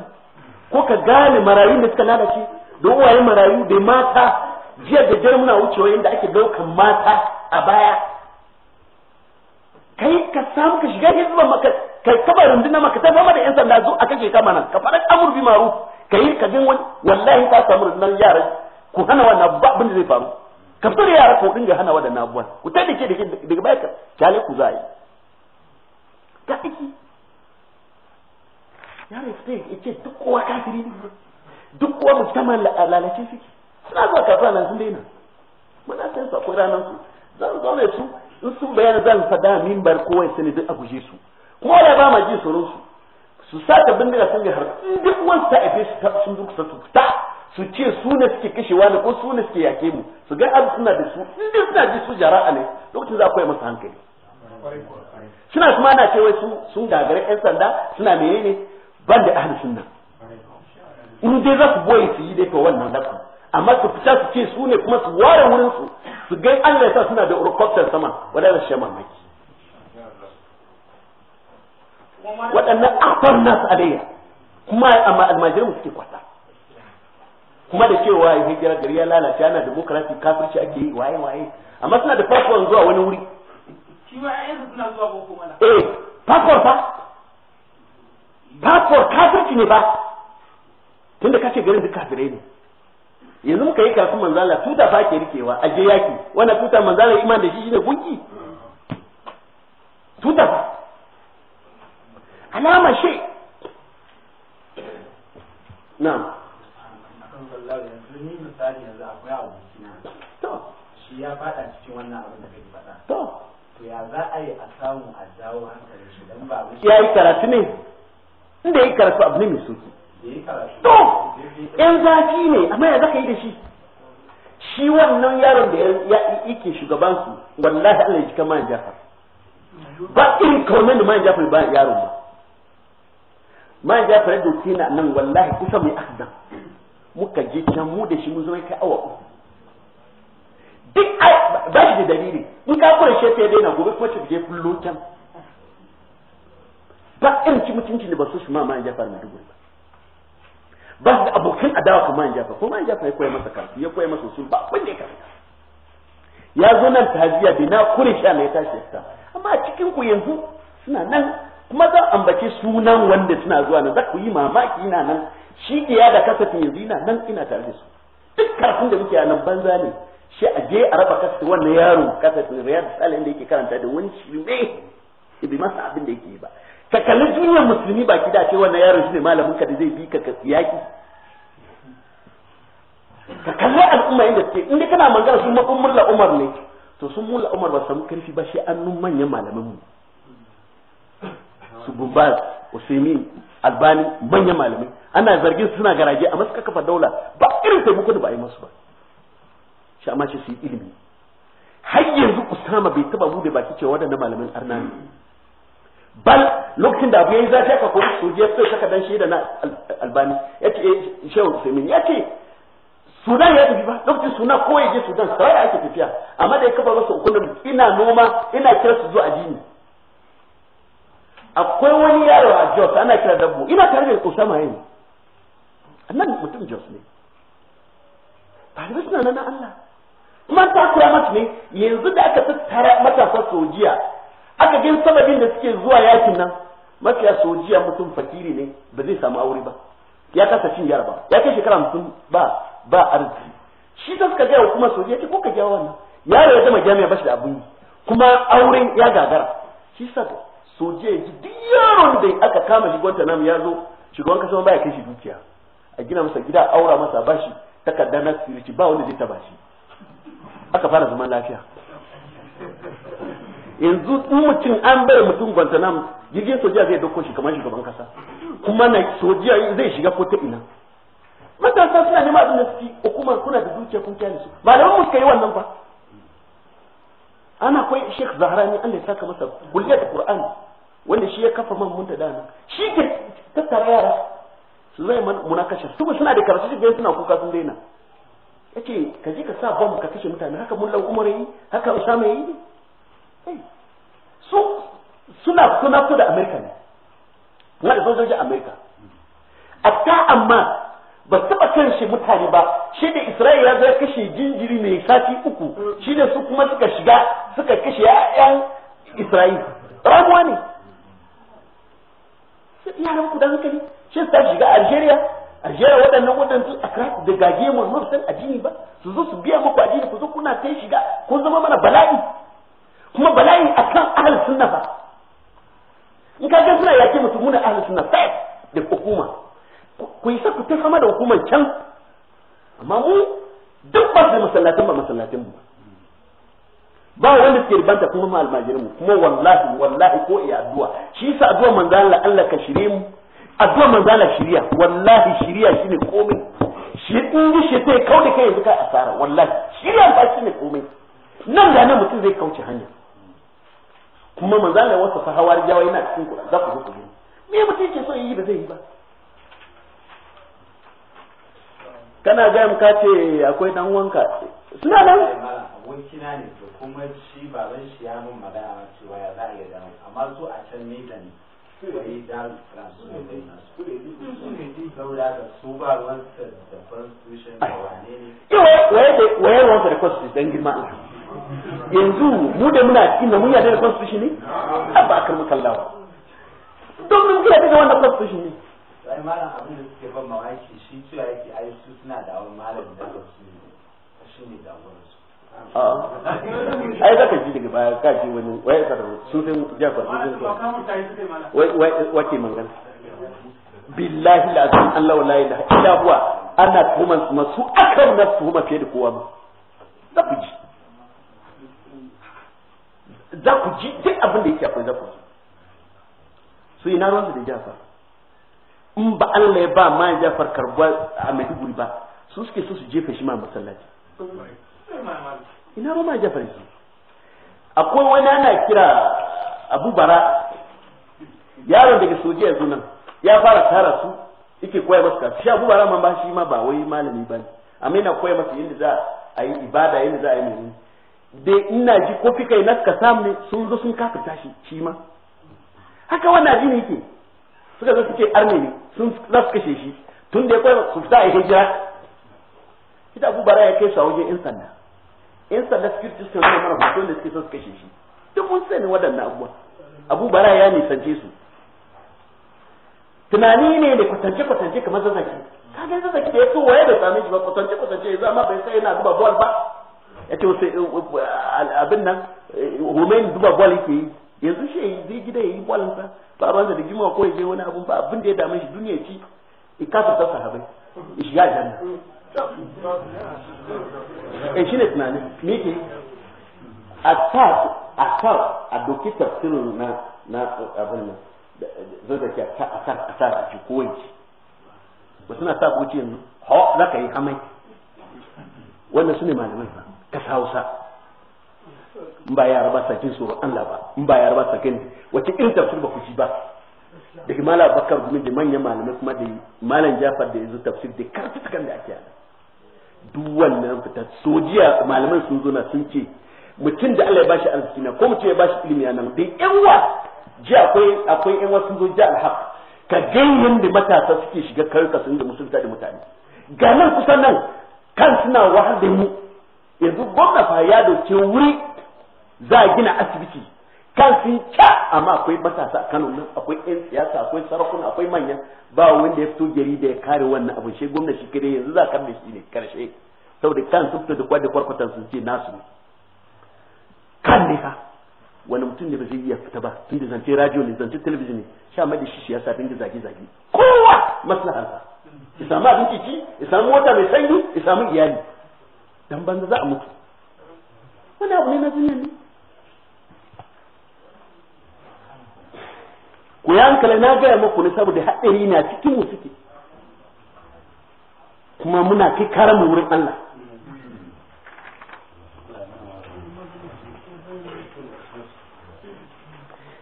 ko ka gane marayun da suka lalace da uwaye marayu da mata jiya da jiya muna wucewa yadda ake daukan mata a baya kai ka samu ka shiga hizba maka kai kaba runduna maka sai fama da yan sanda zo a kashe ka nan ka faɗa amurbi bi maru kai ka bin wani wallahi ka samu rundunar yaran ku hana wannan ba abin da zai faru ka fitar yara ku dinga hana wadannan abubuwan ku ta dake dake daga baya ka kyale ku za a yi ka aiki yaro ya fita ya ce duk kowa kafiri ne duk kowa musamman lalace suke suna zuwa kasuwa nan sun daina muna san su akwai ranar su zan zaune su in sun bayyana zan fada mimbar kowa ya ne duk a guje su kuma da ba ma ji tsoron su su sa ta bindiga sun ga har duk wani ta ife su sun duk su fita su ce su ne suke kashe wani ko su ne suke yake mu su ga an suna da su inda suna ji su jara'a ne lokacin za a koya masa hankali suna su na cewa su sun gagara yan sanda suna menene ban da ahli sunna in dai za su boye su yi dai to wannan da amma su fita su ce su ne kuma su ware wurin su su ga Allah ya sa suna da urkwaftar sama wadanda shi shema maki waɗannan akwai nasu alayya kuma almajirin suke kwata kuma da cewa ya hijira gari ya lalace ana demokrasi kafirci ake yi waye waye amma suna da fasfon zuwa wani wuri shi ma ayyansu eh fasfon fa fasfon kafirci ne ba tunda kace garin duk kafirai ne yanzu muka yi kafin manzala tuta fa ke rikewa a je yaki wanda tuta manzala iman da shi shine gunki tuta fa alama shi na'am misali yanzu akwai abokina to shi ya fada cikin wannan abin da kake faɗa to to ya za a yi a samu a jawo hankalin shi dan ba ya yi karatu ne inda ya yi karatu abu ne mai soki to in zafi ne amma ya zaka yi da shi shi wannan yaron da yake shugaban su wallahi Allah ya ji kamar Jafar ba irin kaunar da man Jafar ba yaron ba man Jafar da dokina nan wallahi kusa mai ahdan muka je can mu da shi mun zama kai awa uku duk ba shi da dalili in ka kure shi ya daina gobe kuma ta je kullo can ba irin ci mutunci da ba su ma ma'an jafar na dubu ba ba da abokan adawa kuma ma'an jafar kuma ma'an jafar ya koya masa kansu ya koya masa sun ba abin da ya karanta ya zo nan tajiya bi na kure shi ne tashi ta amma a cikin ku yanzu suna nan kuma za ambace sunan wanda suna zuwa nan za ku yi mamaki na nan shi iya da kasafin yanzu ina nan ina tare da su duk karatun da muke a nan banza ne shi a je a raba kasafin wannan yaro kasafin riyar salin da yake karanta da wani ya bi masa abin da yake yi ba ka kalli duniyar musulmi ba da ce wannan yaron shi ne malamin ka da zai bi ka yaki ka kalli al'umma inda suke in dai kana magana sun makon mulla umar ne to sun mulla umar ba samu karfi ba shi annun manyan malaman mu su bumbaz usaimin albani manyan malamai ana zargin suna garaje a masu kafa daula ba irin taimako da ba a yi masu ba shi amma shi su yi ilimi har yanzu usama bai taba bude baki cewa waɗannan malamin arna ne bal lokacin da abu yayi zafi aka kori soji ya fito saka dan da na albani yace eh, shehu usaimin yace sudan ya tafi ba lokacin suna ko ya je sudan sai ake tafiya amma da ya kafa masa hukumin ina noma ina kira su zuwa ajini akwai wani yaro a Jos ana kira dabbo ina tare da Usama yin annabi mutum Jos ne talibai suna nan Allah kuma ta kura mata ne yanzu da aka tattara matasa sojiya aka gani sababin da suke zuwa yakin nan mafiya sojiya mutum fakiri ne ba zai samu aure ba ya kasa cin ba ya kai shekara mutum ba ba arziki shi ta suka gaya kuma sojiya ce ko ka gaya wannan yaro ya zama jami'a ba shi da abun kuma auren ya gagara shi sa soje ji duk yaron da aka kama shi Guantanamo ya zo shugaban kasa baya kai shi dukiya a gina masa gida aura masa bashi takardar na security ba wanda zai taba shi aka fara zaman lafiya yanzu in mutum an bai mutum Guantanamo jirgin sojiya zai dauko shi kamar shugaban kasa kuma na sojiya zai shiga ko ta ina matasa suna neman abin da su ci kuna da dukiya kun kyale su malaman mu suka yi wannan fa ana kai Sheikh Zahrani Allah ya saka masa kulliyar Qur'ani wanda shi ya kafa man mun da shi ke tattara yara su zai munakashar su suna da karatu shi suna kuka sun daina yace ka je ka sa bom ka kashe mutane haka mun umar yi haka usama yi su suna kuna ku da america ne na da sojoji america akka amma ba taba kan shi mutane ba shi da isra'ila ya zai kashe jinjiri mai sati uku mm. shi da su kuma suka shiga suka kashe 'ya'yan isra'ila ramuwa ne yaran ku da hankali shi su tashi shiga Algeria Algeria waɗannan waɗansu a kira da gage mu mun san addini ba su zo su biya muku addini ku zo kuna kai shiga ku zama mana bala'i kuma bala'i akan ahlus sunna ba in ka ga suna yake mutum mun ahlus sunna sai da hukuma ku yi sa ku ta sama da hukumar can amma mu duk ba su masallatin ba masallatin mu ba wanda suke ribanta kuma ma almajirin mu kuma wallahi wallahi ko iya addu'a shi yasa addu'a manzo Allah Allah ka shirye mu addu'a manzo Allah shirya wallahi shirya shine komai shi in ji shi sai kauda kai yanzu kai asara wallahi shirya ba shine komai nan da nan mutum zai kauce hanya kuma manzo Allah wasa fa hawar jawa yana cikin ku za ku ku me mutum ke so yi ba zai yi ba kana ga mu ka ce akwai dan wanka suna nan abokina ne to kuma shi baban shi ya mun magana ma ce ya za a iya dawo amma so a can ne da ni wai da su ne da su saboda da su ba ruwan da constitution da wane ne waye ruwan sa da constitution dan girma yanzu mu da muna cikin da mun yarda da constitution ne ba kan makallawa don mun kira da wannan constitution ne sai malam abin da suke ban mawaki shi cewa yake ai su suna da awon malam da su shi ne da su Ah. ai za ka ji daga baya ka ji wani waye ka rabu sun san jafar sun sai san wace mangana billahi la azim Allah la ilaha illa huwa ana kuma masu akan na kuma fiye da kowa ba za ku ji za ku ji duk abin da yake akwai za ku ji su ina ruwan da jafa in ba Allah ya ba ma jafar karbuwa a Maiduguri ba su suke so su jefa shi ma masallaci ina ma jafar akwai wani ana kira abu bara yaron daga sojiya yanzu nan ya fara tara su yake koya masu kasu shi abu bara man ba shi ma ba wai malami ba ne amma ina koya masu yadda za a yi ibada yadda za a yi mai dai ina ji ko fika na suka samu ne sun zo sun kafa tashi shi ma haka wannan ne yake suka zo suke arne ne sun za kashe shi tun da ya koya su fita a hijira ita abu bara ya kai su a wajen 'yan sanda in sanda security suka zo mana hoton da suke so kashe shi duk mun sani waɗannan abubuwa abu bara ya nisance su tunani ne da kwatance kwatance kamar zazzaki kaga zazzaki da ya so waye da same shi ba kwatance kwatance ya zama bai sai yana zuba bol ba ya ce wasu eh, eh, eh, abin nan homen zuba bol yake yi yanzu shi ya yi gida ya yi bolinsa ba ruwansa da jimawa ko ya je wani abun ba abin da ya dame shi duniya ci ikasa ta sahabai shiga janna eh shi ne tunani miki a sa a sa a doki tafsirin na na abin nan zai da ke a sa a sa a ci kowanci ba suna sa kuci yanzu ha za ka yi amai wannan su ne malamai fa ka sa hausa in ba yara ba sakin tsoro Allah ba in ba yara ba sakin wace irin tafsir ba ku ci ba daga himala bakar gumi da manyan malamai kuma da malam jafar da yanzu tafsir da karfi takan da ake yana duk wannan fita sojiya malaman sun zo na sun ce mutum da Allah ya bashi arziki na ko mutum ya bashi ilimi na nan dai yan wa ji akwai akwai yan sun zo ji alhaq ka ga da matasa suke shiga karka sun da musulta da mutane ga nan kusan nan kan suna wahar da mu yanzu gwamna fa ya dauke wuri za a gina asibiti kan sun ca amma akwai matasa a Kano nan akwai yan siyasa akwai sarakuna akwai manya ba wanda ya fito jarida ya kare wannan abin shi gwamnati shi kare yanzu za ka da shi ne karshe saboda kan sun fito da kwadda kwarkwatan sun ce nasu ne kan ne ha wani mutum ne ba zai iya fita ba tun da zance radio ne zance television ne sha mai da shi siyasa dinga zage zage kowa maslahansa ya samu abinci ci ya samu wata mai sanyi ya samu iyali dan banza za a mutu wani abu ne na duniya ne ku hankali na gaya muku ne saboda haɗari na cikin mu suke kuma muna kai karamu wurin Allah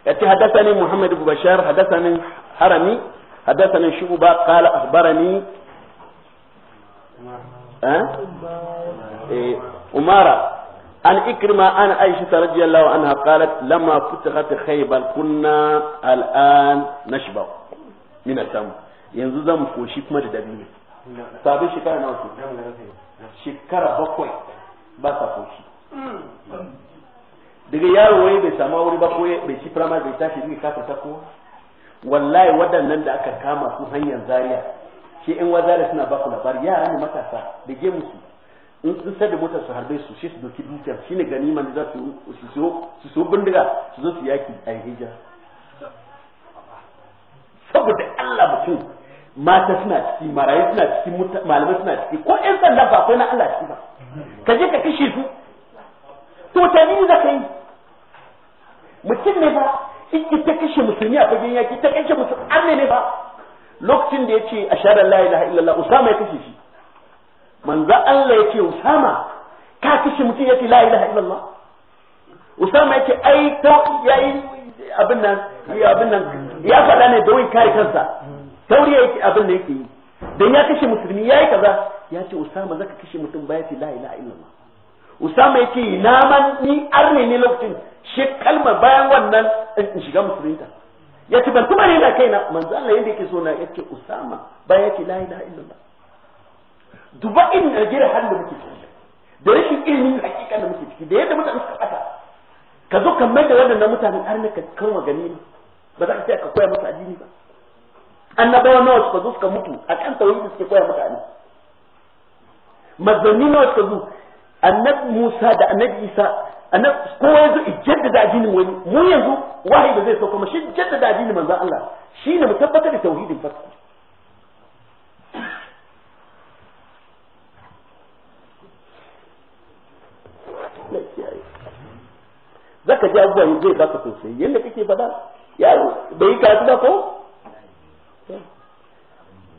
yace hadathani Muhammad ibn Bashar hadathani Harami hadathani Shubba qala akhbarani eh Umara عن إكرمة عن عائشة رضي الله عنها قالت لما فتحت خيبر كنا الآن نشبع من التمر yanzu zan koshi kuma da dabino sabon shekara nawa su shekara bakwai ba koshi daga yaro wani bai samu wuri ba bai ci firamare bai tashi zai kafa ta kowa wallahi waɗannan da aka kama su hanyar zariya shi in wa zaria suna baku yara ne matasa da gemu. musu in sun sai da motar su harbe su shi su doki dukiyar shi ne gani ne za su su so bindiga su zo su yaki a hijira saboda Allah mutum mata suna ciki marayu suna ciki malamai suna ciki ko ƴan sanda ba akwai na Allah ciki ba ka je ka kashe su to ta ni za ka yi mutum ne ba in ta kashe musulmi a fagen yaki ta kashe musulmi ne ba lokacin da ya ce a sharar la ilaha illallah usama ya kashe shi manzo Allah yake Usama ka kashe mutum yake la ilaha illallah Usama yake ai to yayi abin nan ya abin nan ya faɗa ne don kai kansa tauriya yake abin da yake yi dan ya kashe musulmi yayi kaza ya ce Usama zaka kashe mutum ba yake la ilaha illallah Usama yake na man ni arne ne lokacin shi kalma bayan wannan in shiga musulunta ya ce ban kuma ne na kaina manzo Allah yanda yake so na yake Usama ba yake la ilaha illallah duba irin Najeriya halin da muke ciki da rashin ilimin hakikan da muke ciki da yadda mutane suka ɓata ka zo ka mai da waɗannan mutanen har ne ka kama gani ba za ka sai ka koya masa addini ba annabawa nawa suka zo suka mutu a kan da suke koya mutane manzanni nawa suka zo annabi Musa da annabi Isa annabi kowa yazo jaddada addinin wani mu yanzu wahayi ba zai sauka mu shi jaddada addinin manzon Allah shi ne mu tabbatar da tauhidin farko zaka ji abubuwan zai zaka sosai yadda kake faɗa ya bai yi kasu ba ko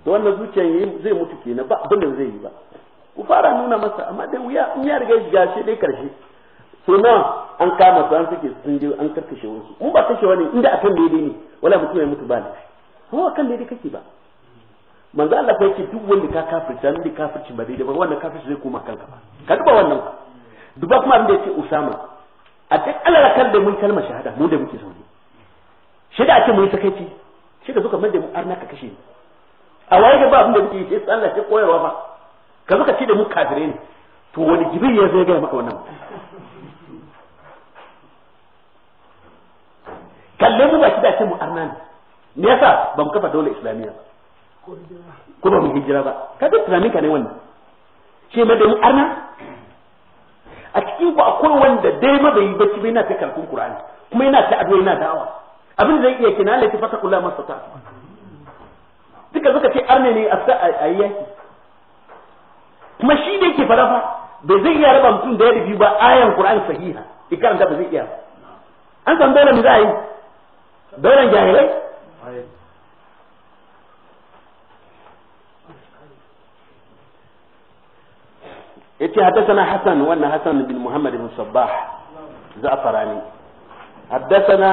to wannan zuciyan zai mutu na ba abin da zai yi ba ku fara nuna masa amma da wuya in ya riga shiga shi dai karshe so na an kama su an suke sun je an karkashe wasu in ba kashe wani inda akan daidai ne wala mutum ya mutu ba ne ko akan daidai kake ba manzo Allah fa yake duk wanda ka kafirta da kafirci ba daidai ba wannan kafirci zai koma kanka ba ka duba wannan duba kuma abin da yake Usama a duk alalakar da mun kalmar shahada mu da muke zaune shi da ake mun sakaici shi da suka mai mu arna ka kashe a waye da ba abin da muke yi sai Allah sai koyarwa ba ka suka ci da mu kafire ne to wani jibril ya zai ga maka wannan kalle mu ba shi da ce mu arna ne me yasa ba mu kafa daular islamiyya ba ko ba mu hijira ba duk tunanin ka ne wannan shi ma da mu arna a cikin ku akwai wanda dai ma bai yi bacci bai yana ta karatun Qur'ani kuma yana ta addu'a yana da'awa abin da zai iya kina Allah ya fata kullu masa ta duka zaka ce arne ne a ayi yaki kuma shi da yake fara fa bai zai iya raba mutum da ya rubi ba ayan Qur'ani sahiha karanta ba zai iya an san dole mu za a yi dole jahilai yace haddathana hasan wannan hasan bin muhammad bin sabbah za'farani haddathana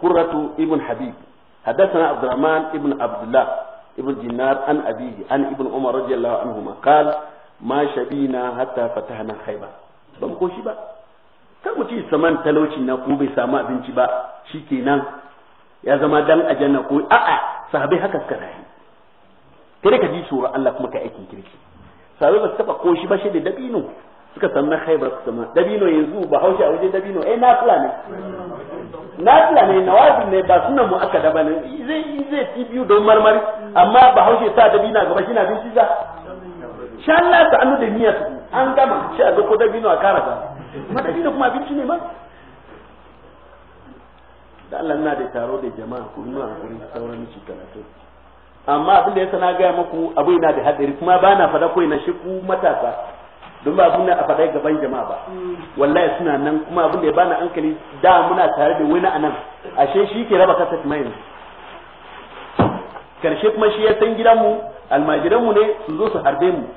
qurratu ibn habib haddathana abdurrahman ibn abdullah ibn Jinnar an abihi an ibn umar radiyallahu anhu qala ma shabina hatta fatahna khaybar ba mu koshi ba kar mu ci saman talauci na ko bai samu abinci ba shikenan ya zama dan ajanna ko a'a sahabai haka suka rayu kada ka ji tsoro Allah kuma ka aikin kirki sabe ba su taba koshi ba shi da dabino suka san na khaibar su sama dabino yanzu ba haushi a waje dabino eh na nafila ne nafila ne wajin ne ba sunan mu aka daba ne zai zai ci biyu don marmari amma ba haushi sa dabina gaba shi na bin shiza sha Allah ta annu da niyya su an gama shi a ko dabino a karasa ma dabino kuma abinci ne ma da Allah na da taro da jama'a ku a gurin sauran miki talatin amma abin da ya na gaya muku abu yana da hadari kuma ba na fada ko na shi ku matasa don ba abin da a fada gaban jama'a ba wallahi suna nan kuma abin da ya bani hankali da muna tare da wani anan ashe shi ke raba kasa mai ne karshe kuma shi ya san gidanmu almajiranmu ne su zo su harbe mu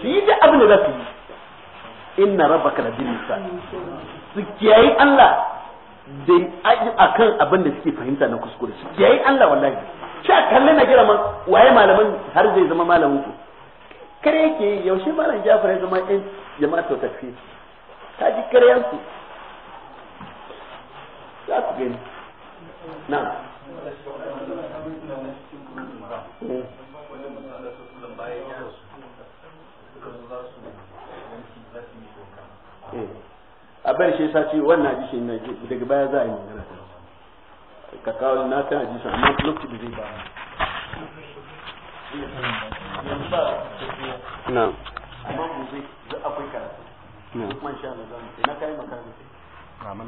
shi da abin da za su yi inna rabbaka la bil misal su kiyayi Allah da akan abin da suke fahimta na kuskure su kiyayi Allah wallahi a kalle na gira man waye malamin har zai zama malamin ku kare yake yaushe malam Jafar ya zama yan jama'a ta tafi ta ji karyan su za ku gani eh. na a bar shi ce wannan ji shi daga baya za a yi ka kawo na kan hadisin amma lokacin da zai ba yanzu ba amma mu zai akwai karatu kuma insha Allah zamu na kai makaranta